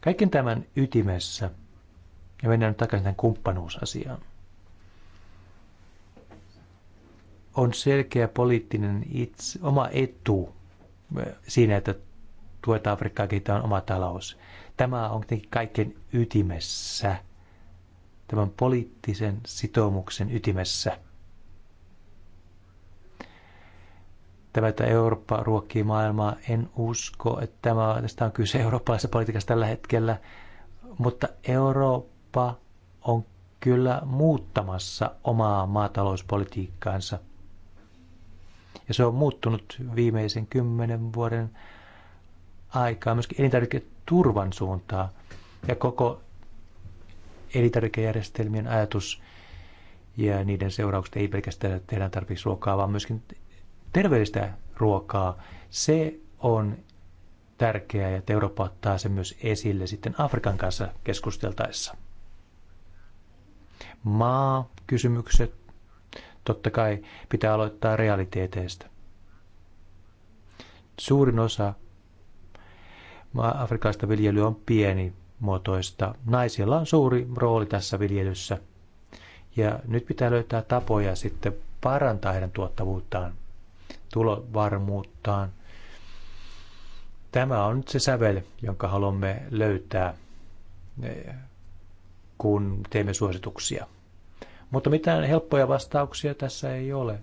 Kaiken tämän ytimessä, ja mennään nyt takaisin tämän kumppanuusasiaan. on selkeä poliittinen itse, oma etu siinä, että tuetaan Afrikkaa kehittämään oma talous. Tämä on kuitenkin kaiken ytimessä, tämän poliittisen sitoumuksen ytimessä. Tämä, että Eurooppa ruokkii maailmaa, en usko, että tämä, tästä on kyse eurooppalaisessa politiikassa tällä hetkellä, mutta Eurooppa on kyllä muuttamassa omaa maatalouspolitiikkaansa – ja se on muuttunut viimeisen kymmenen vuoden aikaa myöskin elintarviketurvan suuntaa ja koko elintarvikejärjestelmien ajatus ja niiden seuraukset ei pelkästään, tehdä tarpeeksi ruokaa, vaan myöskin terveellistä ruokaa. Se on tärkeää ja Eurooppa ottaa se myös esille sitten Afrikan kanssa keskusteltaessa. Maa, kysymykset, totta kai pitää aloittaa realiteeteista. Suurin osa Afrikasta viljelyä on pienimuotoista. Naisilla on suuri rooli tässä viljelyssä. Ja nyt pitää löytää tapoja sitten parantaa heidän tuottavuuttaan, tulovarmuuttaan. Tämä on nyt se sävel, jonka haluamme löytää, eh, kun teemme suosituksia. Mutta mitään helppoja vastauksia tässä ei ole.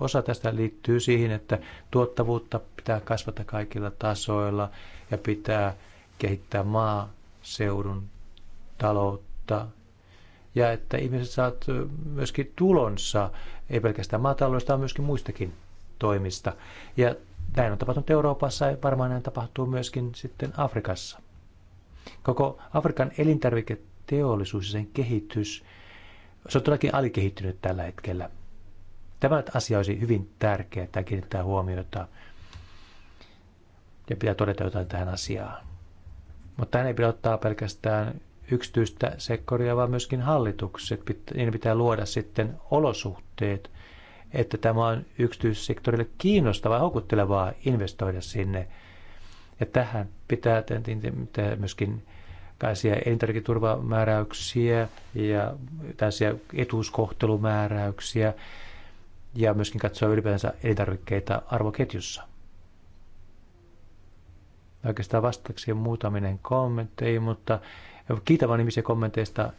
Osa tästä liittyy siihen, että tuottavuutta pitää kasvata kaikilla tasoilla ja pitää kehittää maaseudun taloutta ja että ihmiset saavat myöskin tulonsa, ei pelkästään maataloudesta, vaan myöskin muistakin toimista. Ja näin on tapahtunut Euroopassa ja varmaan näin tapahtuu myöskin sitten Afrikassa. Koko Afrikan elintarviketeollisuus ja sen kehitys – se on todellakin alikehittynyt tällä hetkellä. Tämä asia olisi hyvin tärkeää että kiinnittää huomiota ja pitää todeta jotain tähän asiaan. Mutta tähän ei pidä ottaa pelkästään yksityistä sektoria, vaan myöskin hallitukset. Niiden pitää luoda sitten olosuhteet, että tämä on yksityissektorille kiinnostavaa ja houkuttelevaa investoida sinne. Ja tähän pitää myöskin tällaisia elintarviketurvamääräyksiä ja tällaisia etuuskohtelumääräyksiä ja myöskin katsoa ylipäänsä elintarvikkeita arvoketjussa. Oikeastaan vastaakseen muutaminen kommentteihin, mutta kiitävän nimisiä kommenteista.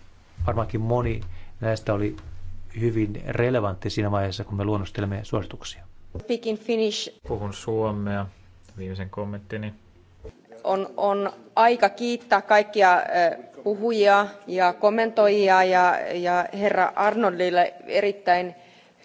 Varmaankin moni näistä oli hyvin relevantti siinä vaiheessa, kun me luonnostelemme suosituksia. Speaking Finnish. Puhun suomea. Viimeisen kommenttini on, on aika kiittää kaikkia puhujia ja kommentoijia ja, ja herra Arnoldille erittäin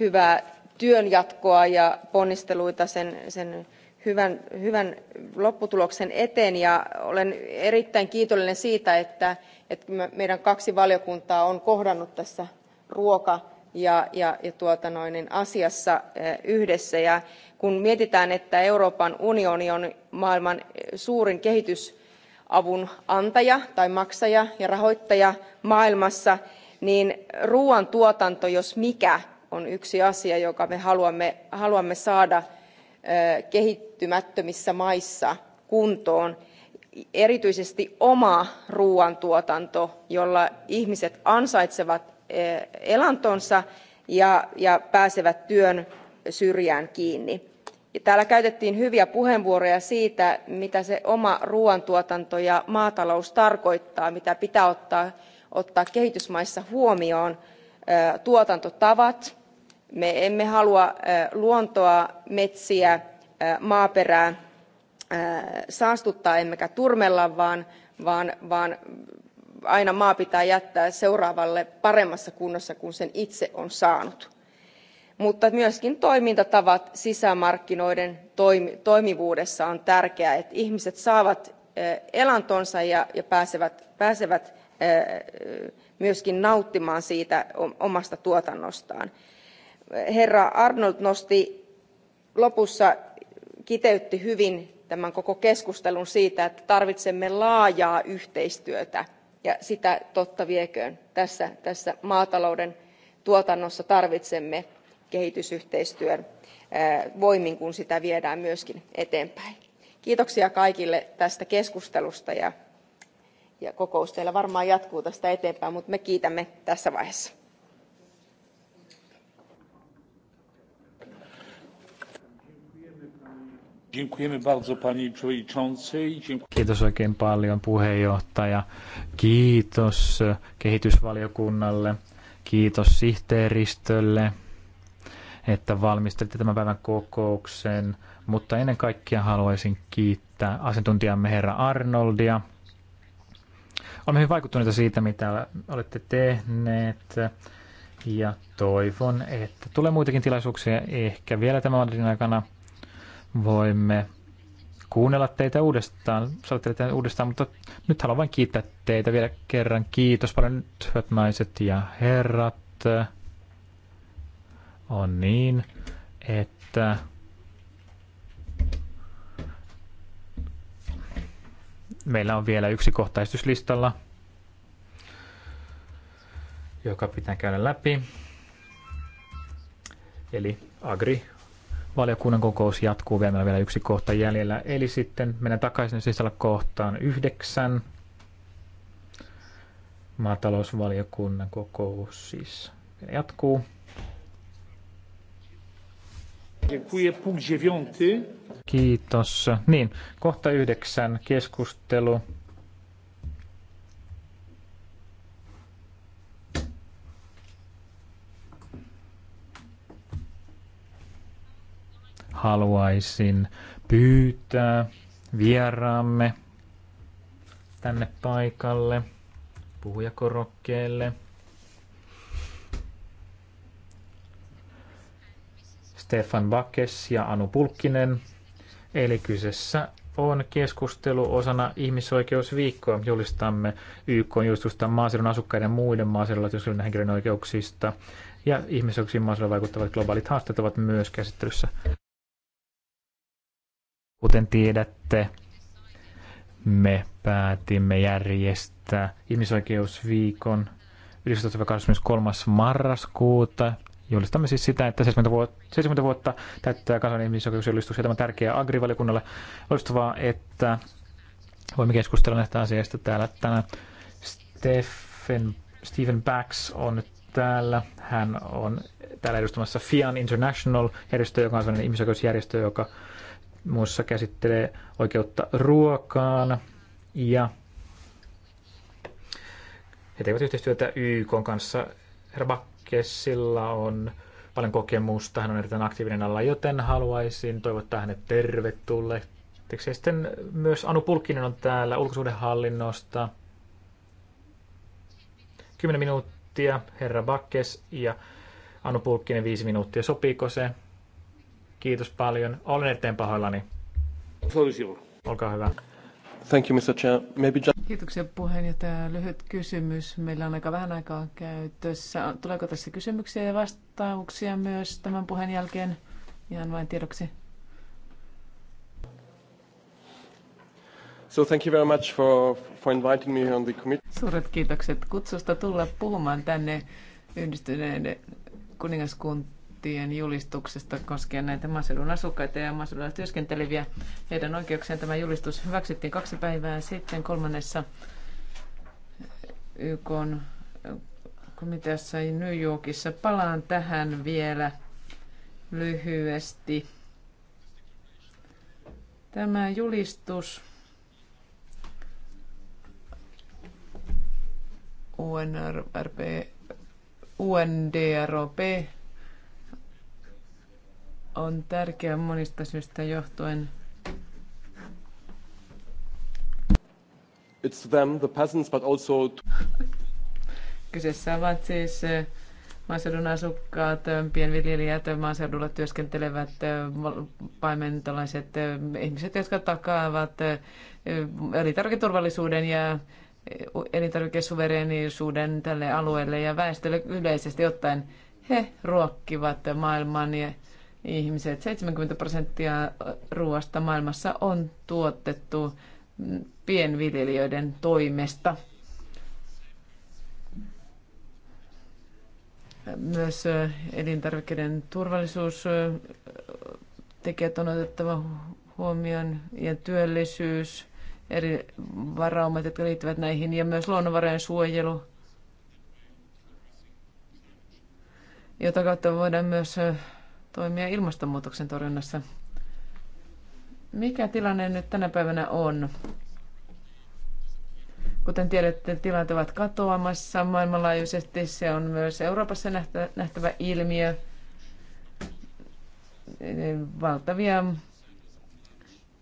hyvää työnjatkoa ja ponnisteluita sen, sen hyvän, hyvän lopputuloksen eteen. Ja olen erittäin kiitollinen siitä, että, että meidän kaksi valiokuntaa on kohdannut tässä ruoka- ja, ja, ja tuota noin, asiassa yhdessä. Ja kun mietitään että euroopan unioni on maailman eh, suurin kehitysavun antaja tai maksaja ja rahoittaja maailmassa niin ruoantuotanto jos mikä on yksi asia jonka me haluamme saada eh, kehittymättömissä maissa kuntoon erityisesti oma ruoantuotanto jolla ihmiset ansaitsevat eh, elantonsa ja pääsevät työn syrjään kiinni. Täällä käytettiin hyviä puheenvuoroja siitä, mitä se oma ruoantuotanto ja maatalous tarkoittaa, mitä pitää ottaa, ottaa kehitysmaissa huomioon, tuotantotavat. Me emme halua luontoa, metsiä, maaperää saastuttaa emmekä turmella, vaan, vaan, vaan aina maa pitää jättää seuraavalle paremmassa kunnossa kuin sen itse on saanut mutta myöskin toimintatavat sisämarkkinoiden toimivuudessa on tärkeää että ihmiset saavat eh, elantonsa ja pääsevät eh, myöskin nauttimaan siitä omasta tuotannostaan. Herra Arnold nosti lopussa, kiteytti hyvin tämän koko keskustelun siitä, että tarvitsemme laajaa yhteistyötä ja sitä totta vieköön tässä, tässä maatalouden tuotannossa tarvitsemme kehitysyhteistyön voimin, kun sitä viedään myöskin eteenpäin. Kiitoksia kaikille tästä keskustelusta ja, ja kokous teillä varmaan jatkuu tästä eteenpäin, mutta me kiitämme tässä vaiheessa. Kiitos oikein paljon puheenjohtaja. Kiitos kehitysvaliokunnalle. Kiitos sihteeristölle että valmistelitte tämän päivän kokouksen, mutta ennen kaikkea haluaisin kiittää asiantuntijamme herra Arnoldia. Olemme hyvin vaikuttuneita siitä, mitä olette tehneet ja toivon, että tulee muitakin tilaisuuksia ehkä vielä tämän vuoden aikana. Voimme kuunnella teitä uudestaan, saatte teitä uudestaan, mutta nyt haluan vain kiittää teitä vielä kerran. Kiitos paljon nyt, hyvät naiset ja herrat on niin, että meillä on vielä yksi kohta esityslistalla, joka pitää käydä läpi. Eli Agri valiokunnan kokous jatkuu vielä, meillä on vielä yksi kohta jäljellä. Eli sitten mennään takaisin sisällä kohtaan yhdeksän. Maatalousvaliokunnan kokous siis jatkuu. Kiitos. Niin, kohta yhdeksän keskustelu. Haluaisin pyytää vieraamme tänne paikalle puhujakorokkeelle. Stefan Bakkes ja Anu Pulkkinen. Eli kyseessä on keskustelu osana ihmisoikeusviikkoa. Julistamme YK julistusta maaseudun asukkaiden muiden maaseudulla työskentelyn henkilön oikeuksista. Ja ihmisoikeuksiin maaseudulla vaikuttavat globaalit haasteet ovat myös käsittelyssä. Kuten tiedätte, me päätimme järjestää ihmisoikeusviikon 19.23. marraskuuta Julistamme siis sitä, että 70 vuotta, 70 vuotta täyttää kansan ihmisoikeusjulistus ja tämä tärkeä agrivaliokunnalle. Loistavaa, että voimme keskustella näistä asioista täällä tänään. Stephen, Stephen Bax on nyt täällä. Hän on täällä edustamassa FIAN International järjestö, joka on sellainen ihmisoikeusjärjestö, joka muussa käsittelee oikeutta ruokaan. Ja he tekevät yhteistyötä YK kanssa. Herra Bax, Kessillä on paljon kokemusta, hän on erittäin aktiivinen alla, joten haluaisin toivottaa hänet tervetulleeksi. Sitten myös Anu Pulkkinen on täällä ulkosuhdehallinnosta. 10 minuuttia, herra Bakkes ja Anu Pulkkinen 5 minuuttia. Sopiiko se? Kiitos paljon. Olen erittäin pahoillani. Olkaa hyvä. Thank you, Mr. Chair. Maybe just... Kiitoksia puheenjohtaja. Lyhyt kysymys. Meillä on aika vähän aikaa käytössä. Tuleeko tässä kysymyksiä ja vastauksia myös tämän puheen jälkeen? Ihan vain tiedoksi. So thank you very much for, for inviting me on the committee. Suuret kiitokset kutsusta tulla puhumaan tänne yhdistyneen kuningaskuntaan lehtien julistuksesta koskien näitä maaseudun asukkaita ja maaseudulla työskenteleviä. Heidän oikeuksiaan tämä julistus hyväksyttiin kaksi päivää sitten kolmannessa YK komiteassa New Yorkissa. Palaan tähän vielä lyhyesti. Tämä julistus UNRP, UNDRP on tärkeä monista syistä johtuen. It's them, the peasants, but also... Kyseessä ovat siis eh, maaseudun asukkaat, eh, pienviljelijät, eh, maaseudulla työskentelevät paimentolaiset ihmiset, jotka takaavat elintarviketurvallisuuden ja elintarvikesuvereenisuuden tälle alueelle ja väestölle yleisesti ottaen. He ruokkivat maailman ja ihmiset. 70 prosenttia ruoasta maailmassa on tuotettu pienviljelijöiden toimesta. Myös elintarvikkeiden turvallisuustekijät on otettava huomioon ja työllisyys, eri varaumat, jotka liittyvät näihin, ja myös luonnonvarojen suojelu, jota kautta voidaan myös toimia ilmastonmuutoksen torjunnassa. Mikä tilanne nyt tänä päivänä on? Kuten tiedätte, tilanteet ovat katoamassa maailmanlaajuisesti. Se on myös Euroopassa nähtävä ilmiö. Valtavia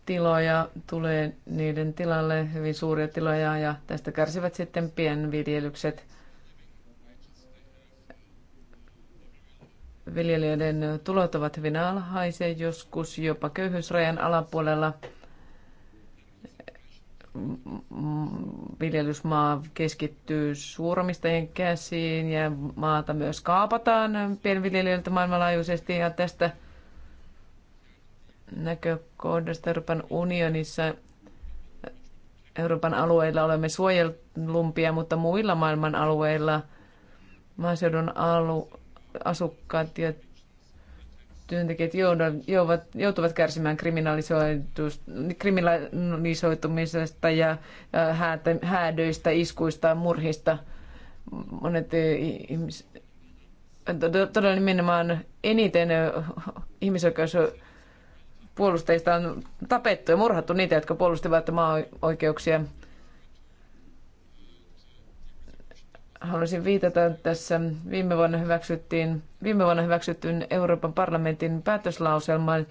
tiloja tulee niiden tilalle, hyvin suuria tiloja, ja tästä kärsivät sitten pienviljelykset. viljelijöiden tulot ovat hyvin alhaisia, joskus jopa köyhyysrajan alapuolella viljelysmaa keskittyy suuromistajien käsiin ja maata myös kaapataan pienviljelijöiltä maailmanlaajuisesti ja tästä näkökohdasta Euroopan unionissa Euroopan alueilla olemme suojelumpia, mutta muilla maailman alueilla maaseudun alu, asukkaat ja työntekijät jouduvat, joutuvat kärsimään kriminalisoitumisesta ja häätä, häädöistä, iskuista murhista. Monet eh, ihmis, todella nimenomaan eniten eh, ihmisoikeuspuolustajista on tapettu ja murhattu niitä, jotka puolustivat maa-oikeuksia. haluaisin viitata tässä viime vuonna hyväksyttiin, viime vuonna hyväksyttyyn Euroopan parlamentin päätöslauselmaan,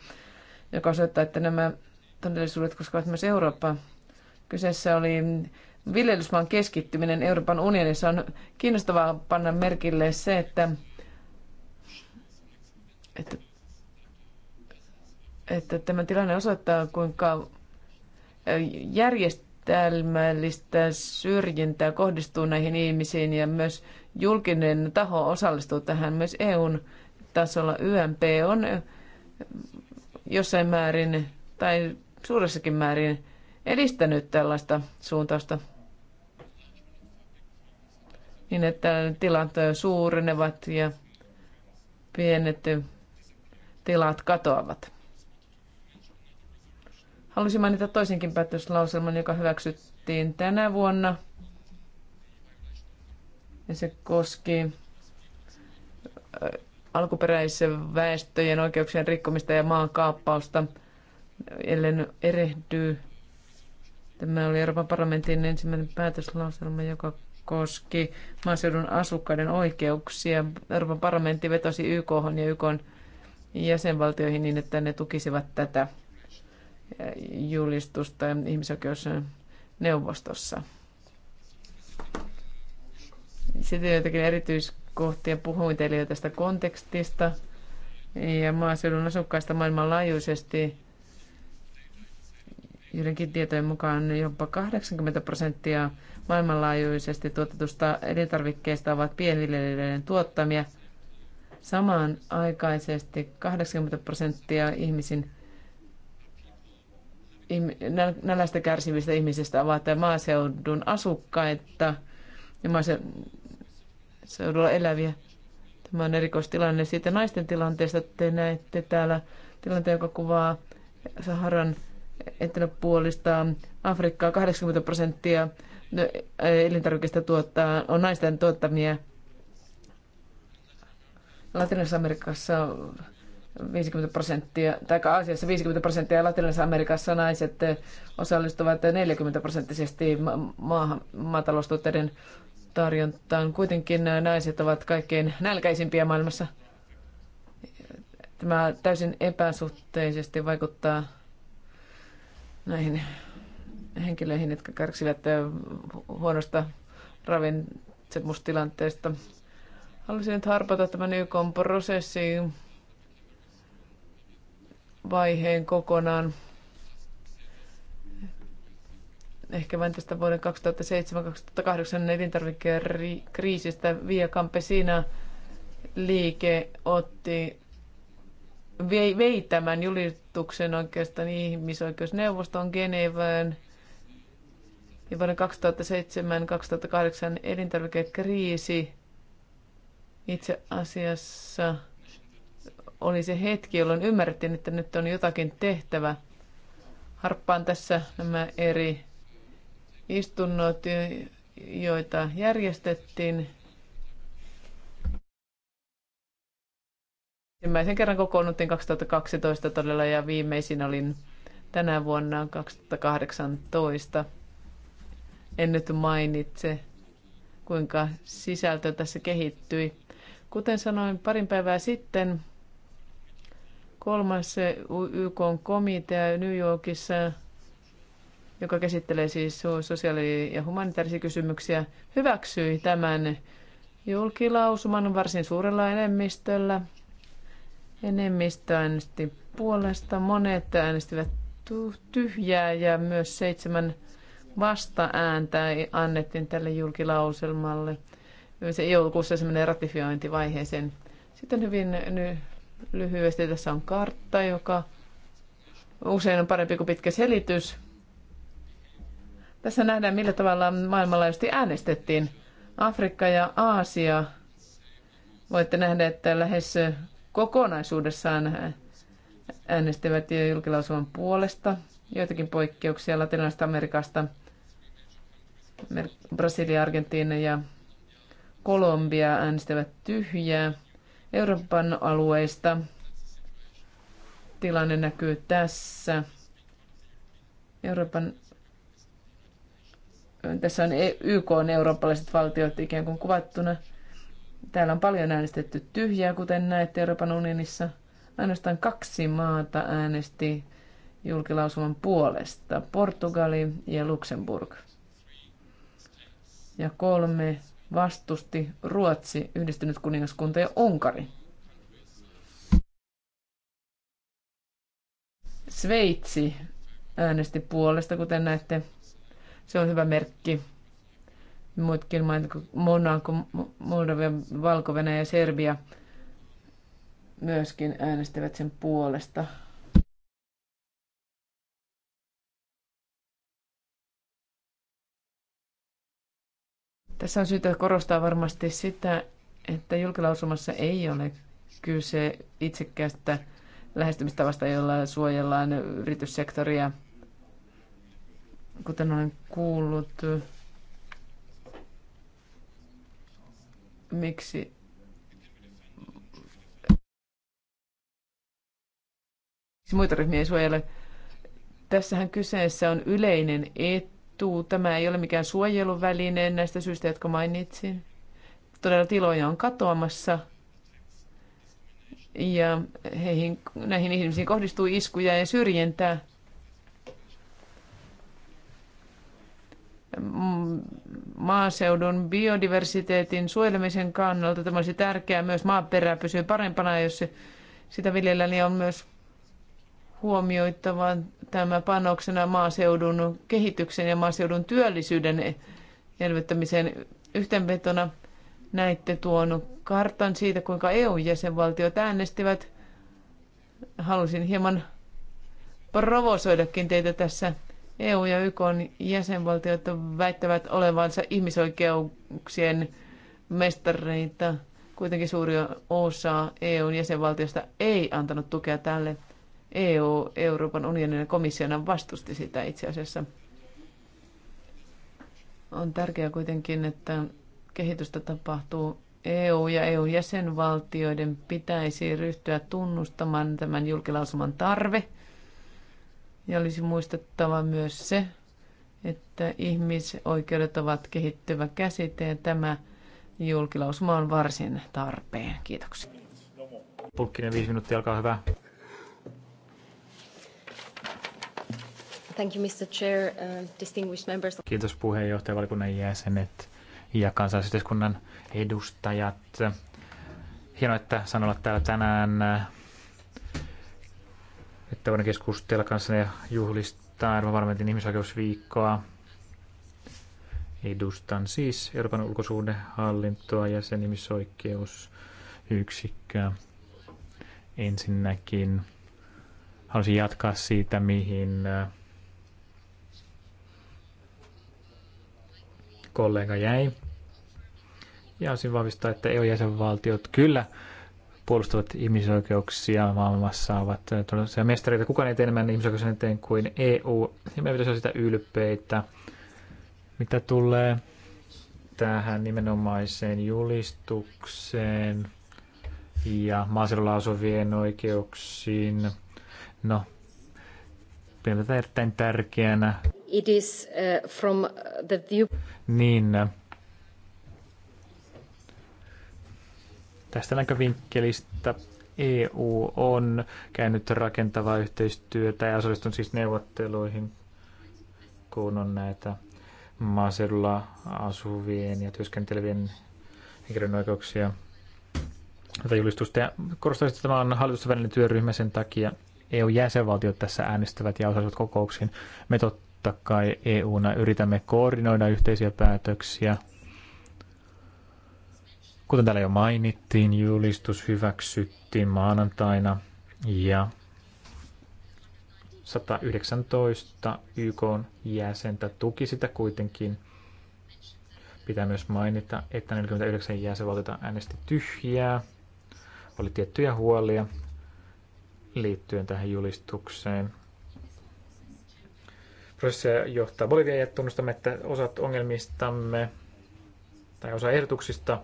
joka osoittaa, että nämä todellisuudet koskevat myös Eurooppaa. Kyseessä oli viljelysmaan keskittyminen Euroopan unionissa. On kiinnostavaa panna merkille se, että, että, että tämä tilanne osoittaa, kuinka järjest järjestelmällistä syrjintää kohdistuu näihin ihmisiin ja myös julkinen taho osallistuu tähän myös EUn tasolla. YMP on jossain määrin tai suuressakin määrin edistänyt tällaista suuntausta niin, että tilat suurenevat ja pienet tilat katoavat. Haluaisin mainita toisenkin päätöslauselman, joka hyväksyttiin tänä vuonna. Ja se koski äh, alkuperäisen väestöjen oikeuksien rikkomista ja maankaappausta, ellen erehdy. Tämä oli Euroopan parlamentin ensimmäinen päätöslauselma, joka koski maaseudun asukkaiden oikeuksia. Euroopan parlamentti vetosi YK ja YK jäsenvaltioihin niin, että ne tukisivat tätä julistusta ihmisoikeusneuvostossa. Sitten joitakin erityiskohtia puhuin teille jo tästä kontekstista ja maaseudun asukkaista maailmanlaajuisesti. Joidenkin tietojen mukaan jopa 80 prosenttia maailmanlaajuisesti tuotetusta elintarvikkeista ovat pienviljelijöiden tuottamia. Samaan aikaisesti 80 prosenttia ihmisin nälästä kärsimistä ihmisistä ovat maaseudun asukkaita ja maaseudulla eläviä. Tämä on erikoistilanne siitä naisten tilanteesta. Te näette täällä tilanteen, joka kuvaa Saharan eteläpuolista Afrikkaa 80 prosenttia no, e, elintarvikkeista tuottaa, on naisten tuottamia. Latinalaisessa Amerikassa 50 prosenttia, tai Aasiassa 50 prosenttia ja Latinalaisessa Amerikassa naiset eh, osallistuvat 40 prosenttisesti maahan, maataloustuotteiden tarjontaan. Kuitenkin eh, naiset ovat kaikkein nälkäisimpiä maailmassa. Tämä täysin epäsuhteisesti vaikuttaa näihin henkilöihin, jotka kärsivät eh, huonosta ravitsemustilanteesta. Haluaisin nyt harpata tämän YK-prosessiin vaiheen kokonaan. Ehkä vain tästä vuoden 2007-2008 kriisistä Via Campesina liike otti vei, vei tämän julistuksen oikeastaan ihmisoikeusneuvoston Genevään. Ja vuoden 2007-2008 elintarvikekriisi itse asiassa – oli se hetki, jolloin ymmärrettiin, että nyt on jotakin tehtävä. Harppaan tässä nämä eri istunnot, joita järjestettiin. Ensimmäisen kerran kokoonnuttiin 2012 todella ja viimeisin olin tänä vuonna 2018. En nyt mainitse, kuinka sisältö tässä kehittyi. Kuten sanoin parin päivää sitten, Kolmas YK-komitea New Yorkissa, joka käsittelee siis sosiaali- ja humanitaarisia kysymyksiä, hyväksyi tämän julkilausuman varsin suurella enemmistöllä. Enemmistö äänesti puolesta, monet äänestivät tyhjää ja myös seitsemän vasta-ääntä annettiin tälle julkilauselmalle. Se joulukuussa se menee ratifiointivaiheeseen. Sitten hyvin Lyhyesti tässä on kartta, joka usein on parempi kuin pitkä selitys. Tässä nähdään, millä tavalla maailmanlaajuisesti äänestettiin. Afrikka ja Aasia. Voitte nähdä, että lähes kokonaisuudessaan äänestivät jo julkilausuman puolesta. Joitakin poikkeuksia Latinalaisesta Amerikasta, Brasilia, Argentiina ja Kolombia äänestävät tyhjää. Euroopan alueista. Tilanne näkyy tässä. Euroopan tässä on e- YK on eurooppalaiset valtiot ikään kuin kuvattuna. Täällä on paljon äänestetty tyhjää, kuten näette Euroopan unionissa. Ainoastaan kaksi maata äänesti julkilausuman puolesta, Portugali ja Luxemburg. Ja kolme vastusti Ruotsi, yhdistynyt kuningaskunta ja Unkari. Sveitsi äänesti puolesta, kuten näette. Se on hyvä merkki. Muutkin maat kuin Monaco, Moldavia, valko ja Serbia myöskin äänestivät sen puolesta. Tässä on syytä korostaa varmasti sitä, että julkilausumassa ei ole kyse itsekkäästä lähestymistavasta, jolla suojellaan yrityssektoria. Kuten olen kuullut, miksi muita ryhmiä ei suojele. Tässähän kyseessä on yleinen et, tuu. Tämä ei ole mikään suojeluväline näistä syistä, jotka mainitsin. Todella tiloja on katoamassa ja heihin, näihin ihmisiin kohdistuu iskuja ja syrjintää. Maaseudun biodiversiteetin suojelemisen kannalta tämä olisi tärkeää. Myös maaperä pysyy parempana, jos sitä viljellään, niin on myös huomioittava tämä panoksena maaseudun kehityksen ja maaseudun työllisyyden elvyttämisen yhteenvetona. Näitte tuon kartan siitä, kuinka EU-jäsenvaltiot äänestivät. Halusin hieman provosoidakin teitä tässä. EU ja YK jäsenvaltiot väittävät olevansa ihmisoikeuksien mestareita. Kuitenkin suuri osa EU jäsenvaltiosta ei antanut tukea tälle EU, Euroopan unionin komissiona vastusti sitä itse asiassa. On tärkeää kuitenkin, että kehitystä tapahtuu EU ja EU-jäsenvaltioiden pitäisi ryhtyä tunnustamaan tämän julkilausuman tarve. Ja olisi muistettava myös se, että ihmisoikeudet ovat kehittyvä käsite ja tämä julkilausuma on varsin tarpeen. Kiitoksia. Pulkkinen viisi minuuttia, alkaa hyvä. Thank you, Mr. Chair, uh, distinguished members. Kiitos puheenjohtajavalikunnan jäsenet ja kansalaisyhteiskunnan edustajat. Hienoa, että saan olla täällä tänään, että voidaan keskustella kanssanne ja juhlistaa Euroopan parlamentin ihmisoikeusviikkoa. Edustan siis Euroopan ulkosuhdehallintoa ja sen ihmisoikeusyksikköä. Ensinnäkin haluaisin jatkaa siitä, mihin kollega jäi. Ja osin vahvistaa, että EU-jäsenvaltiot kyllä puolustavat ihmisoikeuksia maailmassa, ovat todellisia mestareita. Kukaan ei tee enemmän ihmisoikeuksia eteen kuin EU, ja me pitäisi olla sitä ylpeitä. Mitä tulee tähän nimenomaiseen julistukseen ja maaseudulla asuvien oikeuksiin, no pidän tätä erittäin tärkeänä. It is, uh, from the view... Niin. Tästä näkövinkkelistä EU on käynyt rakentavaa yhteistyötä ja osallistunut siis neuvotteluihin, kun on näitä maaseudulla asuvien ja työskentelevien henkilön oikeuksia tätä julistusta. Ja korostaisin, että tämä on hallitusvälinen työryhmä sen takia, EU-jäsenvaltiot tässä äänestävät ja osallistuvat kokouksiin. Me totta kai EU-na yritämme koordinoida yhteisiä päätöksiä. Kuten täällä jo mainittiin, julistus hyväksyttiin maanantaina ja 119 YK jäsentä tuki sitä kuitenkin. Pitää myös mainita, että 49 jäsenvaltiota äänesti tyhjää, oli tiettyjä huolia liittyen tähän julistukseen. Prosessia johtaa Bolivia ja tunnustamme, että osat ongelmistamme tai osa ehdotuksista,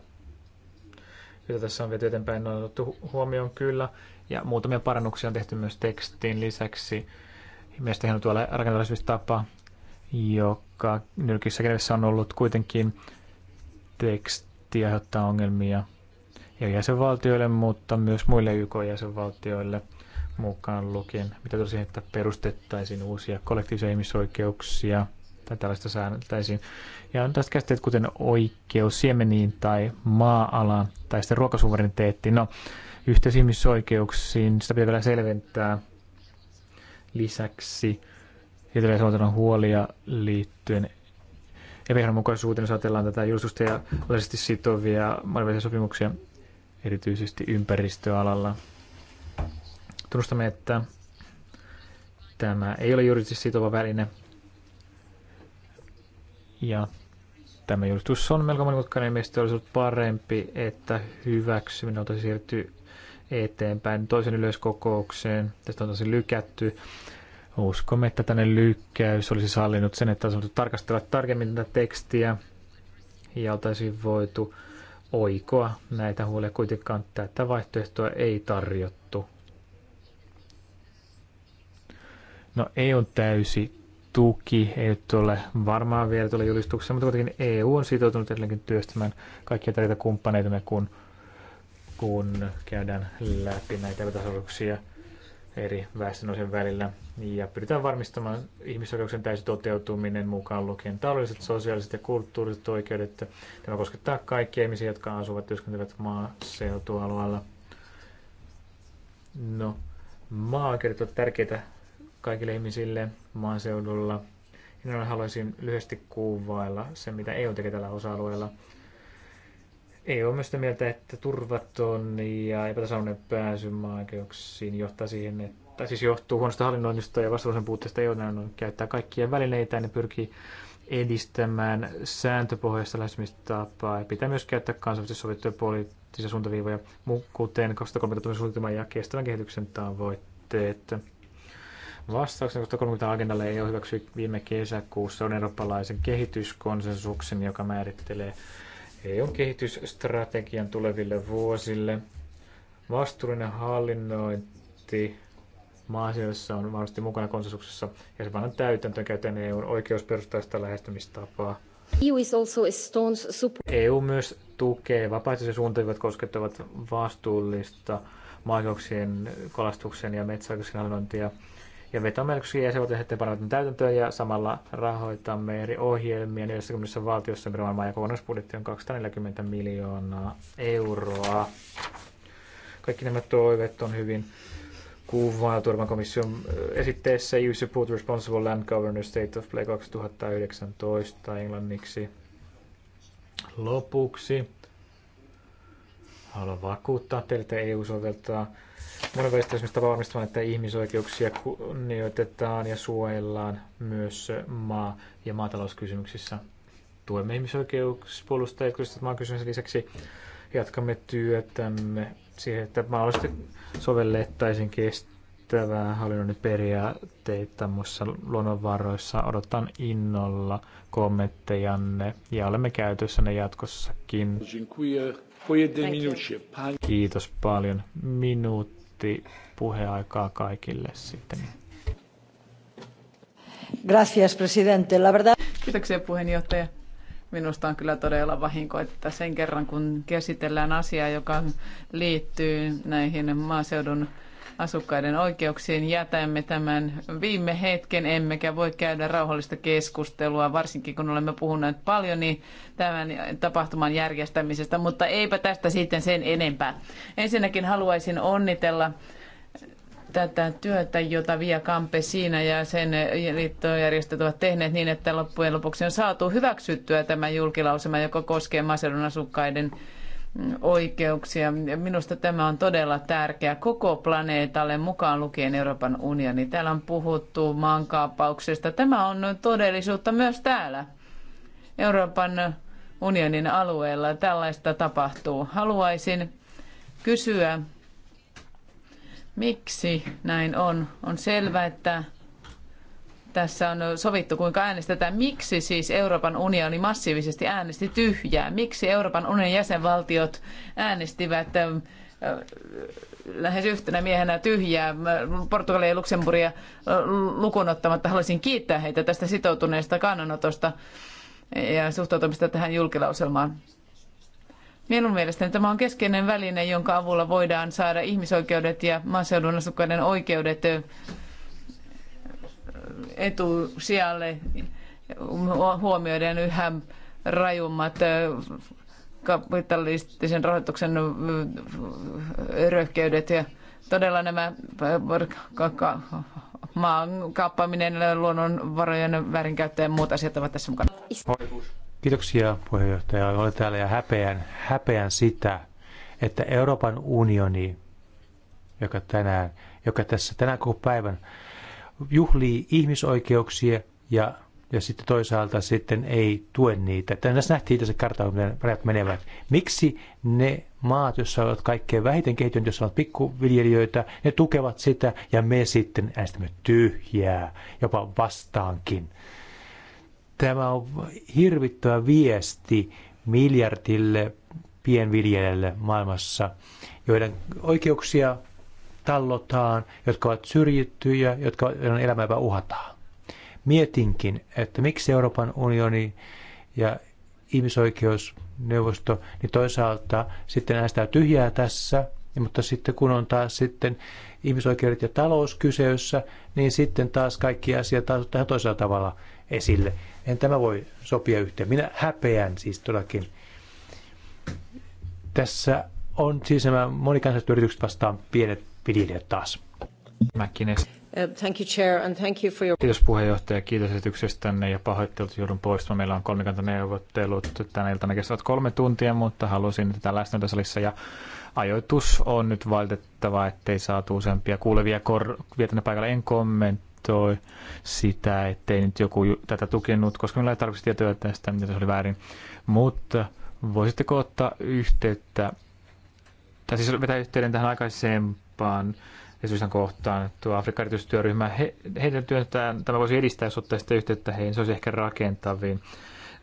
joita tässä on viety eteenpäin, on otettu huomioon kyllä. Ja muutamia parannuksia on tehty myös tekstiin lisäksi. Mielestäni on tuolla rakentavaisuustapa, joka nyrkissä kenessä on ollut kuitenkin teksti aiheuttaa ongelmia ja jäsenvaltioille, mutta myös muille YK-jäsenvaltioille – mukaan lukien, mitä tosiaan, että perustettaisiin uusia kollektiivisia ihmisoikeuksia tai tällaista säänneltäisiin. Ja on tästä käsitteet kuten oikeus siemeniin tai maa tai sitten ruokasuvereniteetti. No, yhteys ihmisoikeuksiin, sitä pitää vielä selventää lisäksi. Siitä vielä huolia liittyen epäihdonmukaisuuteen, jos ajatellaan tätä julistusta ja sitovia maailmanvälisiä sopimuksia, erityisesti ympäristöalalla. Tunnustamme, että tämä ei ole juridisesti sitova väline. Ja tämä julistus on melko monimutkainen ja mielestäni olisi ollut parempi, että hyväksyminen oltaisiin siirtyy eteenpäin toisen yleiskokoukseen. Tästä on tosi lykätty. Uskomme, että tänne lykkäys olisi sallinut sen, että olisi voitu tarkastella tarkemmin tätä tekstiä ja oltaisiin voitu oikoa näitä huolia. Kuitenkaan tätä vaihtoehtoa ei tarjottu. No e on täysi tuki ei nyt ole varmaan vielä tuolla julistuksessa, mutta kuitenkin EU on sitoutunut edelleenkin työstämään kaikkia tärkeitä kumppaneita, kun, kun käydään läpi näitä epätasoisuuksia eri väestönosien välillä. Ja pyritään varmistamaan ihmisoikeuksien täysi toteutuminen mukaan lukien taloudelliset, sosiaaliset ja kulttuuriset oikeudet. Tämä koskettaa kaikkia ihmisiä, jotka asuvat työskentelevät maaseutualueella. No, maa on tärkeitä kaikille ihmisille maaseudulla. Minä haluaisin lyhyesti kuvailla se, mitä EU tekee tällä osa-alueella. EU on myös sitä mieltä, että turvaton ja epätasainen pääsy maakeuksiin johtaa siihen, että siis johtuu huonosta hallinnoinnista ja vastuullisen puutteesta EU on käyttää kaikkia välineitä ja ne pyrkii edistämään sääntöpohjaista lähestymistapaa ja pitää myös käyttää kansainvälisesti sovittuja poliittisia suuntaviivoja, kuten 2030 suunnitelman ja kestävän kehityksen tavoitteet vastauksen, koska 30 agendalle ei ole hyväksy viime kesäkuussa on eurooppalaisen kehityskonsensuksen, joka määrittelee EUn kehitysstrategian tuleville vuosille. Vastuullinen hallinnointi maasioissa on varmasti mukana konsensuksessa ja se pannaan täytäntöön käytetään EUn oikeusperustaista lähestymistapaa. EU, is also a stones support. EU myös tukee vapaaehtoisia suuntaviivat koskettavat vastuullista maakauksien kalastuksen ja metsäoikeuksien hallinnointia ja vetoamme yksi jäsenvaltioihin, että panevat täytäntöön ja samalla rahoitamme eri ohjelmia 40 valtiossa ympäri maailmaa ja kokonaisbudjetti on 240 miljoonaa euroa. Kaikki nämä toiveet on hyvin kuvaa Turvan komission esitteessä You Support Responsible Land governor State of Play 2019 englanniksi. Lopuksi haluan vakuuttaa teille, että EU soveltaa monenvälistäisemmistä varmistamaan, että ihmisoikeuksia kunnioitetaan ja suojellaan myös maa- ja maatalouskysymyksissä. Tuemme ihmisoikeuspuolustajia ja maakysymyksen lisäksi jatkamme työtämme siihen, että mahdollisesti sovellettaisiin kestävää hallinnon periaatteita muissa luonnonvaroissa. Odotan innolla kommenttejanne ja olemme ne jatkossakin. Kiitos paljon. Minuutti minuutti puheaikaa kaikille sitten. Gracias, presidente. La verdad... Kiitoksia puheenjohtaja. Minusta on kyllä todella vahinko, että sen kerran kun käsitellään asiaa, joka liittyy näihin maaseudun asukkaiden oikeuksiin. Jätämme tämän viime hetken, emmekä voi käydä rauhallista keskustelua, varsinkin kun olemme puhuneet paljon niin tämän tapahtuman järjestämisestä, mutta eipä tästä sitten sen enempää. Ensinnäkin haluaisin onnitella tätä työtä, jota Via siinä ja sen liittojärjestöt ovat tehneet niin, että loppujen lopuksi on saatu hyväksyttyä tämä julkilausuma, joka koskee maaseudun asukkaiden oikeuksia. Minusta tämä on todella tärkeä koko planeetalle, mukaan lukien Euroopan unioni. Täällä on puhuttu maankaappauksesta. Tämä on todellisuutta myös täällä Euroopan unionin alueella. Tällaista tapahtuu. Haluaisin kysyä, miksi näin on. On selvää, että tässä on sovittu, kuinka äänestetään. Miksi siis Euroopan unioni massiivisesti äänesti tyhjää? Miksi Euroopan unionin jäsenvaltiot äänestivät lähes yhtenä miehenä tyhjää Portugalia ja Luxemburgia lukunottamatta? Haluaisin kiittää heitä tästä sitoutuneesta kannanotosta ja suhtautumista tähän julkilauselmaan. Minun mielestäni tämä on keskeinen väline, jonka avulla voidaan saada ihmisoikeudet ja maaseudun asukkaiden oikeudet etusijalle huomioiden yhä rajummat kapitalistisen rahoituksen röhkeydet ja todella nämä maan kaappaaminen, luonnonvarojen väärinkäyttö ja muut asiat ovat tässä mukana. Kiitoksia puheenjohtaja. Olen täällä ja häpeän, häpeän sitä, että Euroopan unioni, joka tänään, joka tässä tänään koko päivän juhlii ihmisoikeuksia ja, ja sitten toisaalta sitten ei tue niitä. Tässä nähtiin tässä kartalla, miten rajat menevät. Miksi ne maat, joissa ovat kaikkein vähiten kehittyneet, joissa ovat pikkuviljelijöitä, ne tukevat sitä ja me sitten äänestämme tyhjää, jopa vastaankin. Tämä on hirvittävä viesti miljardille pienviljelijälle maailmassa, joiden oikeuksia tallotaan, jotka ovat syrjittyjä, jotka elämäpä uhataan. Mietinkin, että miksi Euroopan unioni ja ihmisoikeusneuvosto, niin toisaalta sitten äänestää tyhjää tässä, mutta sitten kun on taas sitten ihmisoikeudet ja talous kyseessä, niin sitten taas kaikki asiat taas tähän toisella tavalla esille. En tämä voi sopia yhteen. Minä häpeän siis todellakin. Tässä on siis nämä monikansalliset yritykset vastaan pienet viljelijät taas. Uh, thank you, Chair, and thank you for your... Kiitos puheenjohtaja, kiitos esityksestänne ja pahoittelut joudun poistumaan. No, meillä on kolmikantaneuvottelut tänä iltana kestävät kolme tuntia, mutta halusin tätä läsnä salissa ja ajoitus on nyt valitettava, ettei saatu useampia kuulevia kor- vietänne paikalle. En kommentoi sitä, ettei nyt joku tätä tukenut, koska meillä ei tarvitse tietoja tästä, mitä se oli väärin. Mutta voisitteko ottaa yhteyttä, tai siis vetää yhteyden tähän aikaiseen Eurooppaan Esimerkiksi kohtaan tuo Afrikan erityistyöryhmä. He, heidän työtään tämä voisi edistää, jos ottaisitte yhteyttä heihin. Se olisi ehkä rakentavin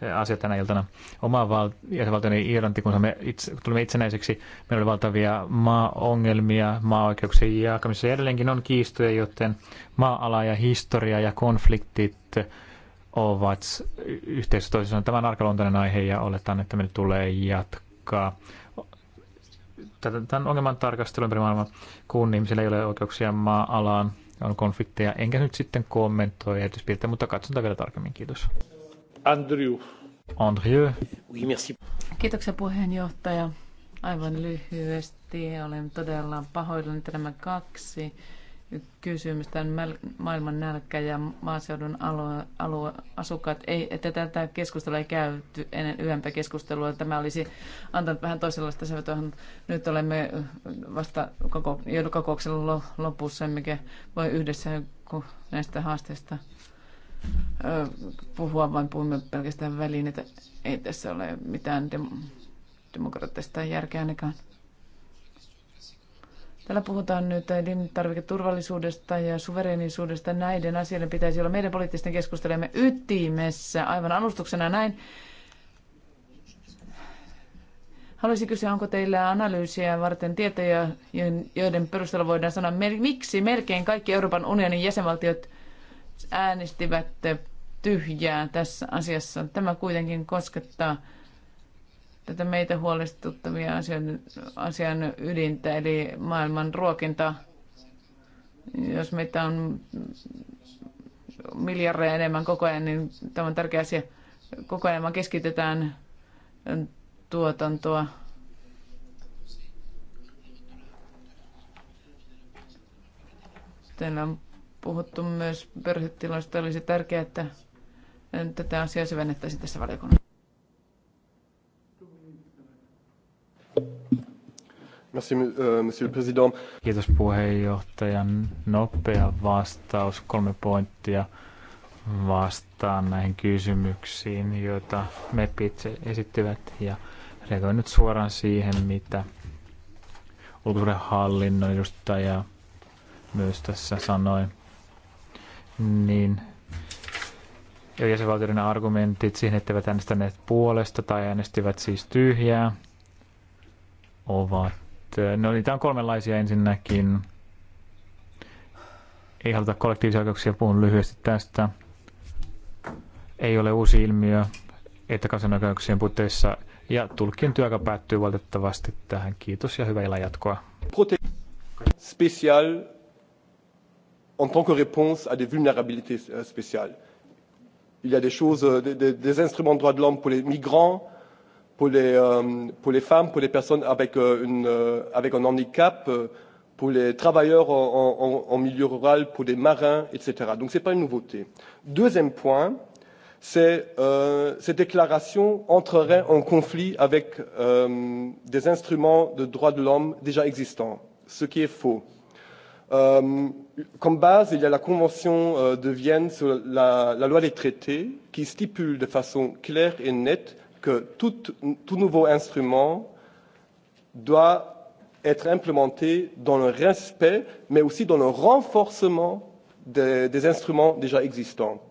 eh, asia tänä iltana. Oma val- jäsenvaltioni Irlanti, kun me itse, kun tulimme itsenäiseksi, meillä oli valtavia maa-ongelmia, maa-oikeuksien jakamisessa. Edelleenkin on kiistoja, joten maa-ala ja historia ja konfliktit ovat yhteisössä toisessaan. Tämä on aihe ja oletan, että meille tulee jatkaa tämän ongelman tarkastelun ympäri maailmaa, kun ihmisillä ei ole oikeuksia maa-alaan, on konflikteja. Enkä nyt sitten kommentoi erityispiirteitä, mutta katsotaan vielä tarkemmin. Kiitos. Andrew. Andrew. Oui, merci. Kiitoksia puheenjohtaja. Aivan lyhyesti. Olen todella pahoillani, tämä kaksi kysymys, tämän maailman nälkä ja maaseudun alue, alue, asukkaat, ei, että tätä keskustelua ei käyty ennen yhempää keskustelua. Tämä olisi antanut vähän toisenlaista sävyä. Nyt olemme vasta koko, joudukokouksen lopussa, mikä voi yhdessä näistä haasteista puhua, vain puhumme pelkästään väliin, että ei tässä ole mitään dem- demokraattista järkeä ainakaan. Täällä puhutaan nyt elintarviketurvallisuudesta ja suverenisuudesta. Näiden asioiden pitäisi olla meidän poliittisten keskustelujemme ytimessä aivan alustuksena näin. Haluaisin kysyä, onko teillä analyysiä varten tietoja, joiden perusteella voidaan sanoa, miksi melkein kaikki Euroopan unionin jäsenvaltiot äänestivät tyhjää tässä asiassa. Tämä kuitenkin koskettaa tätä meitä huolestuttavia asioita asian ydintä, eli maailman ruokinta. Jos meitä on miljardeja enemmän koko ajan, niin tämä on tärkeä asia. Koko ajan keskitetään tuotantoa. Täällä on puhuttu myös perhetiloista. Olisi tärkeää, että tätä asiaa syvennettäisiin tässä valiokunnassa. Merci, euh, monsieur le président. Kiitos puheenjohtajan. Nopea vastaus, kolme pointtia vastaan näihin kysymyksiin, joita MEPit esittivät ja reagoin nyt suoraan siihen, mitä hallinnon edustaja myös tässä sanoi. Niin jäsenvaltioiden argumentit siihen, etteivät äänestäneet puolesta tai äänestivät siis tyhjää, ovat No niitä on kolmenlaisia ensinnäkin. Ei haluta kollektiivisia oikeuksia, puhun lyhyesti tästä. Ei ole uusi ilmiö, että kansanoikeuksien puitteissa ja tulkien työaika päättyy valitettavasti tähän. Kiitos ja hyvää illan jatkoa. special en tant que réponse à des vulnérabilités euh, spéciales. Il y a des choses, euh, des, des instruments de droits de l'homme pour les migrants, pour les, euh, pour les femmes, pour les personnes avec, euh, une, euh, avec un handicap, euh, pour les travailleurs en, en, en milieu rural, pour les marins, etc. Donc ce n'est pas une nouveauté. Deuxième point, c'est euh, ces déclarations entreraient en conflit avec euh, des instruments de droits de l'homme déjà existants, ce qui est faux. Euh, comme base, il y a la Convention euh, de Vienne sur la, la loi des traités qui stipule de façon claire et nette que tout, tout nouveau instrument doit être implémenté dans le respect, mais aussi dans le renforcement des, des instruments déjà existants.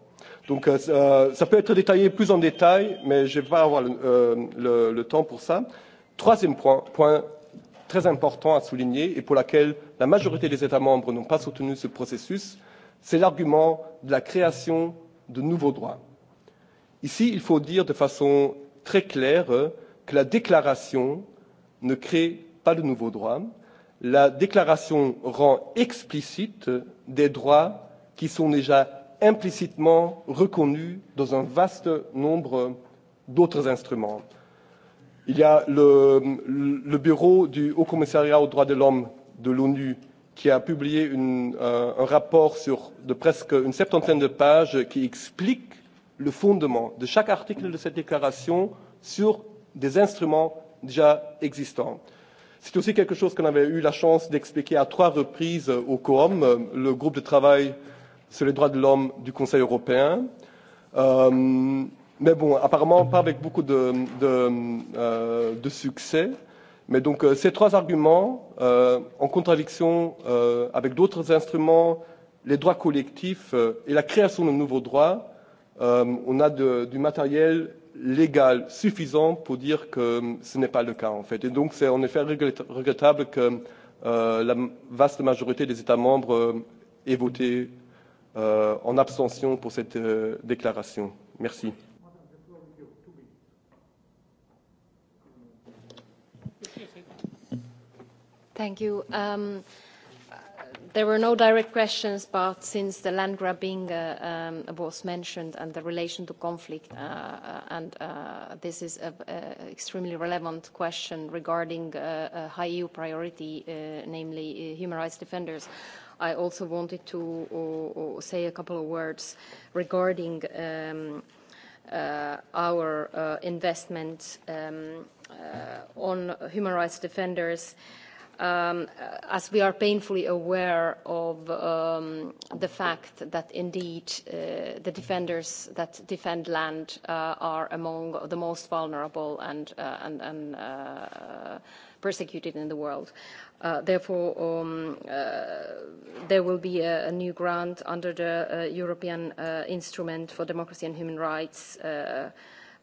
Donc euh, ça euh, peut être détaillé plus en détail, mais je ne vais pas avoir le, euh, le, le temps pour ça. Troisième point, point très important à souligner et pour laquelle la majorité des États membres n'ont pas soutenu ce processus, c'est l'argument de la création de nouveaux droits. Ici, il faut dire de façon très clair euh, que la déclaration ne crée pas de nouveaux droits. La déclaration rend explicite euh, des droits qui sont déjà implicitement reconnus dans un vaste nombre d'autres instruments. Il y a le, le bureau du Haut Commissariat aux droits de l'homme de l'ONU qui a publié une, euh, un rapport sur de presque une septantaine de pages qui explique le fondement de chaque article de cette déclaration sur des instruments déjà existants. C'est aussi quelque chose qu'on avait eu la chance d'expliquer à trois reprises au COOM, le groupe de travail sur les droits de l'homme du Conseil européen. Euh, mais bon, apparemment pas avec beaucoup de, de, euh, de succès. Mais donc euh, ces trois arguments, euh, en contradiction euh, avec d'autres instruments, les droits collectifs euh, et la création de nouveaux droits, euh, on a de, du matériel légal suffisant pour dire que euh, ce n'est pas le cas en fait. Et donc c'est en effet regrettable que euh, la vaste majorité des États membres euh, aient voté euh, en abstention pour cette euh, déclaration. Merci. Thank you. Um, There were no direct questions, but since the land grabbing uh, um, was mentioned and the relation to conflict, uh, uh and uh, this is an extremely relevant question regarding uh, a high EU priority, uh, namely human rights defenders, I also wanted to say a couple of words regarding um, our investment um, on human rights defenders. Uh, um, uh, as we are painfully aware of um, the fact that indeed uh, the defenders that defend land uh, are among the most vulnerable and, uh, and, and uh, persecuted in the world. Uh, therefore, um, there will be a, a, new grant under the European Instrument for Democracy and Human Rights uh,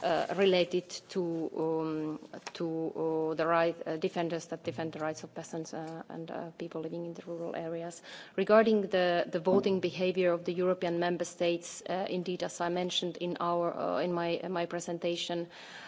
Uh, related to, um, to uh, the right uh, defenders that defend the rights of peasants and people living in the rural areas. Regarding the, the voting mm-hmm. behaviour of the European member states, indeed, as I mentioned in, our, in, my, in my presentation, uh,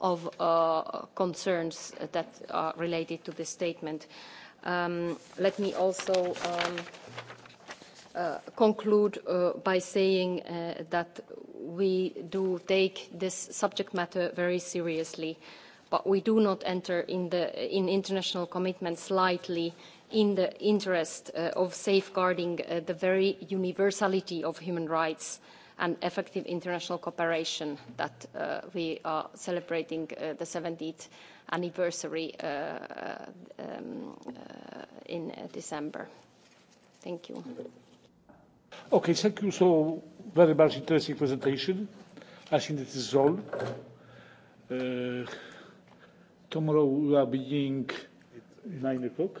of uh, concerns that are related to this statement. Um, let me also um, uh, conclude uh, by saying that we do take this subject matter very seriously but we do not enter in, the, in international commitments lightly in the interest uh, of safeguarding uh, the very universality of human rights uh, and effective international cooperation that uh, we are celebrating uh, the 70th anniversary uh, um, uh, in uh, December. Thank you. Okay, thank you so very much interesting presentation. I think this is all. Uh, Tomorrow we are beginning at nine o'clock.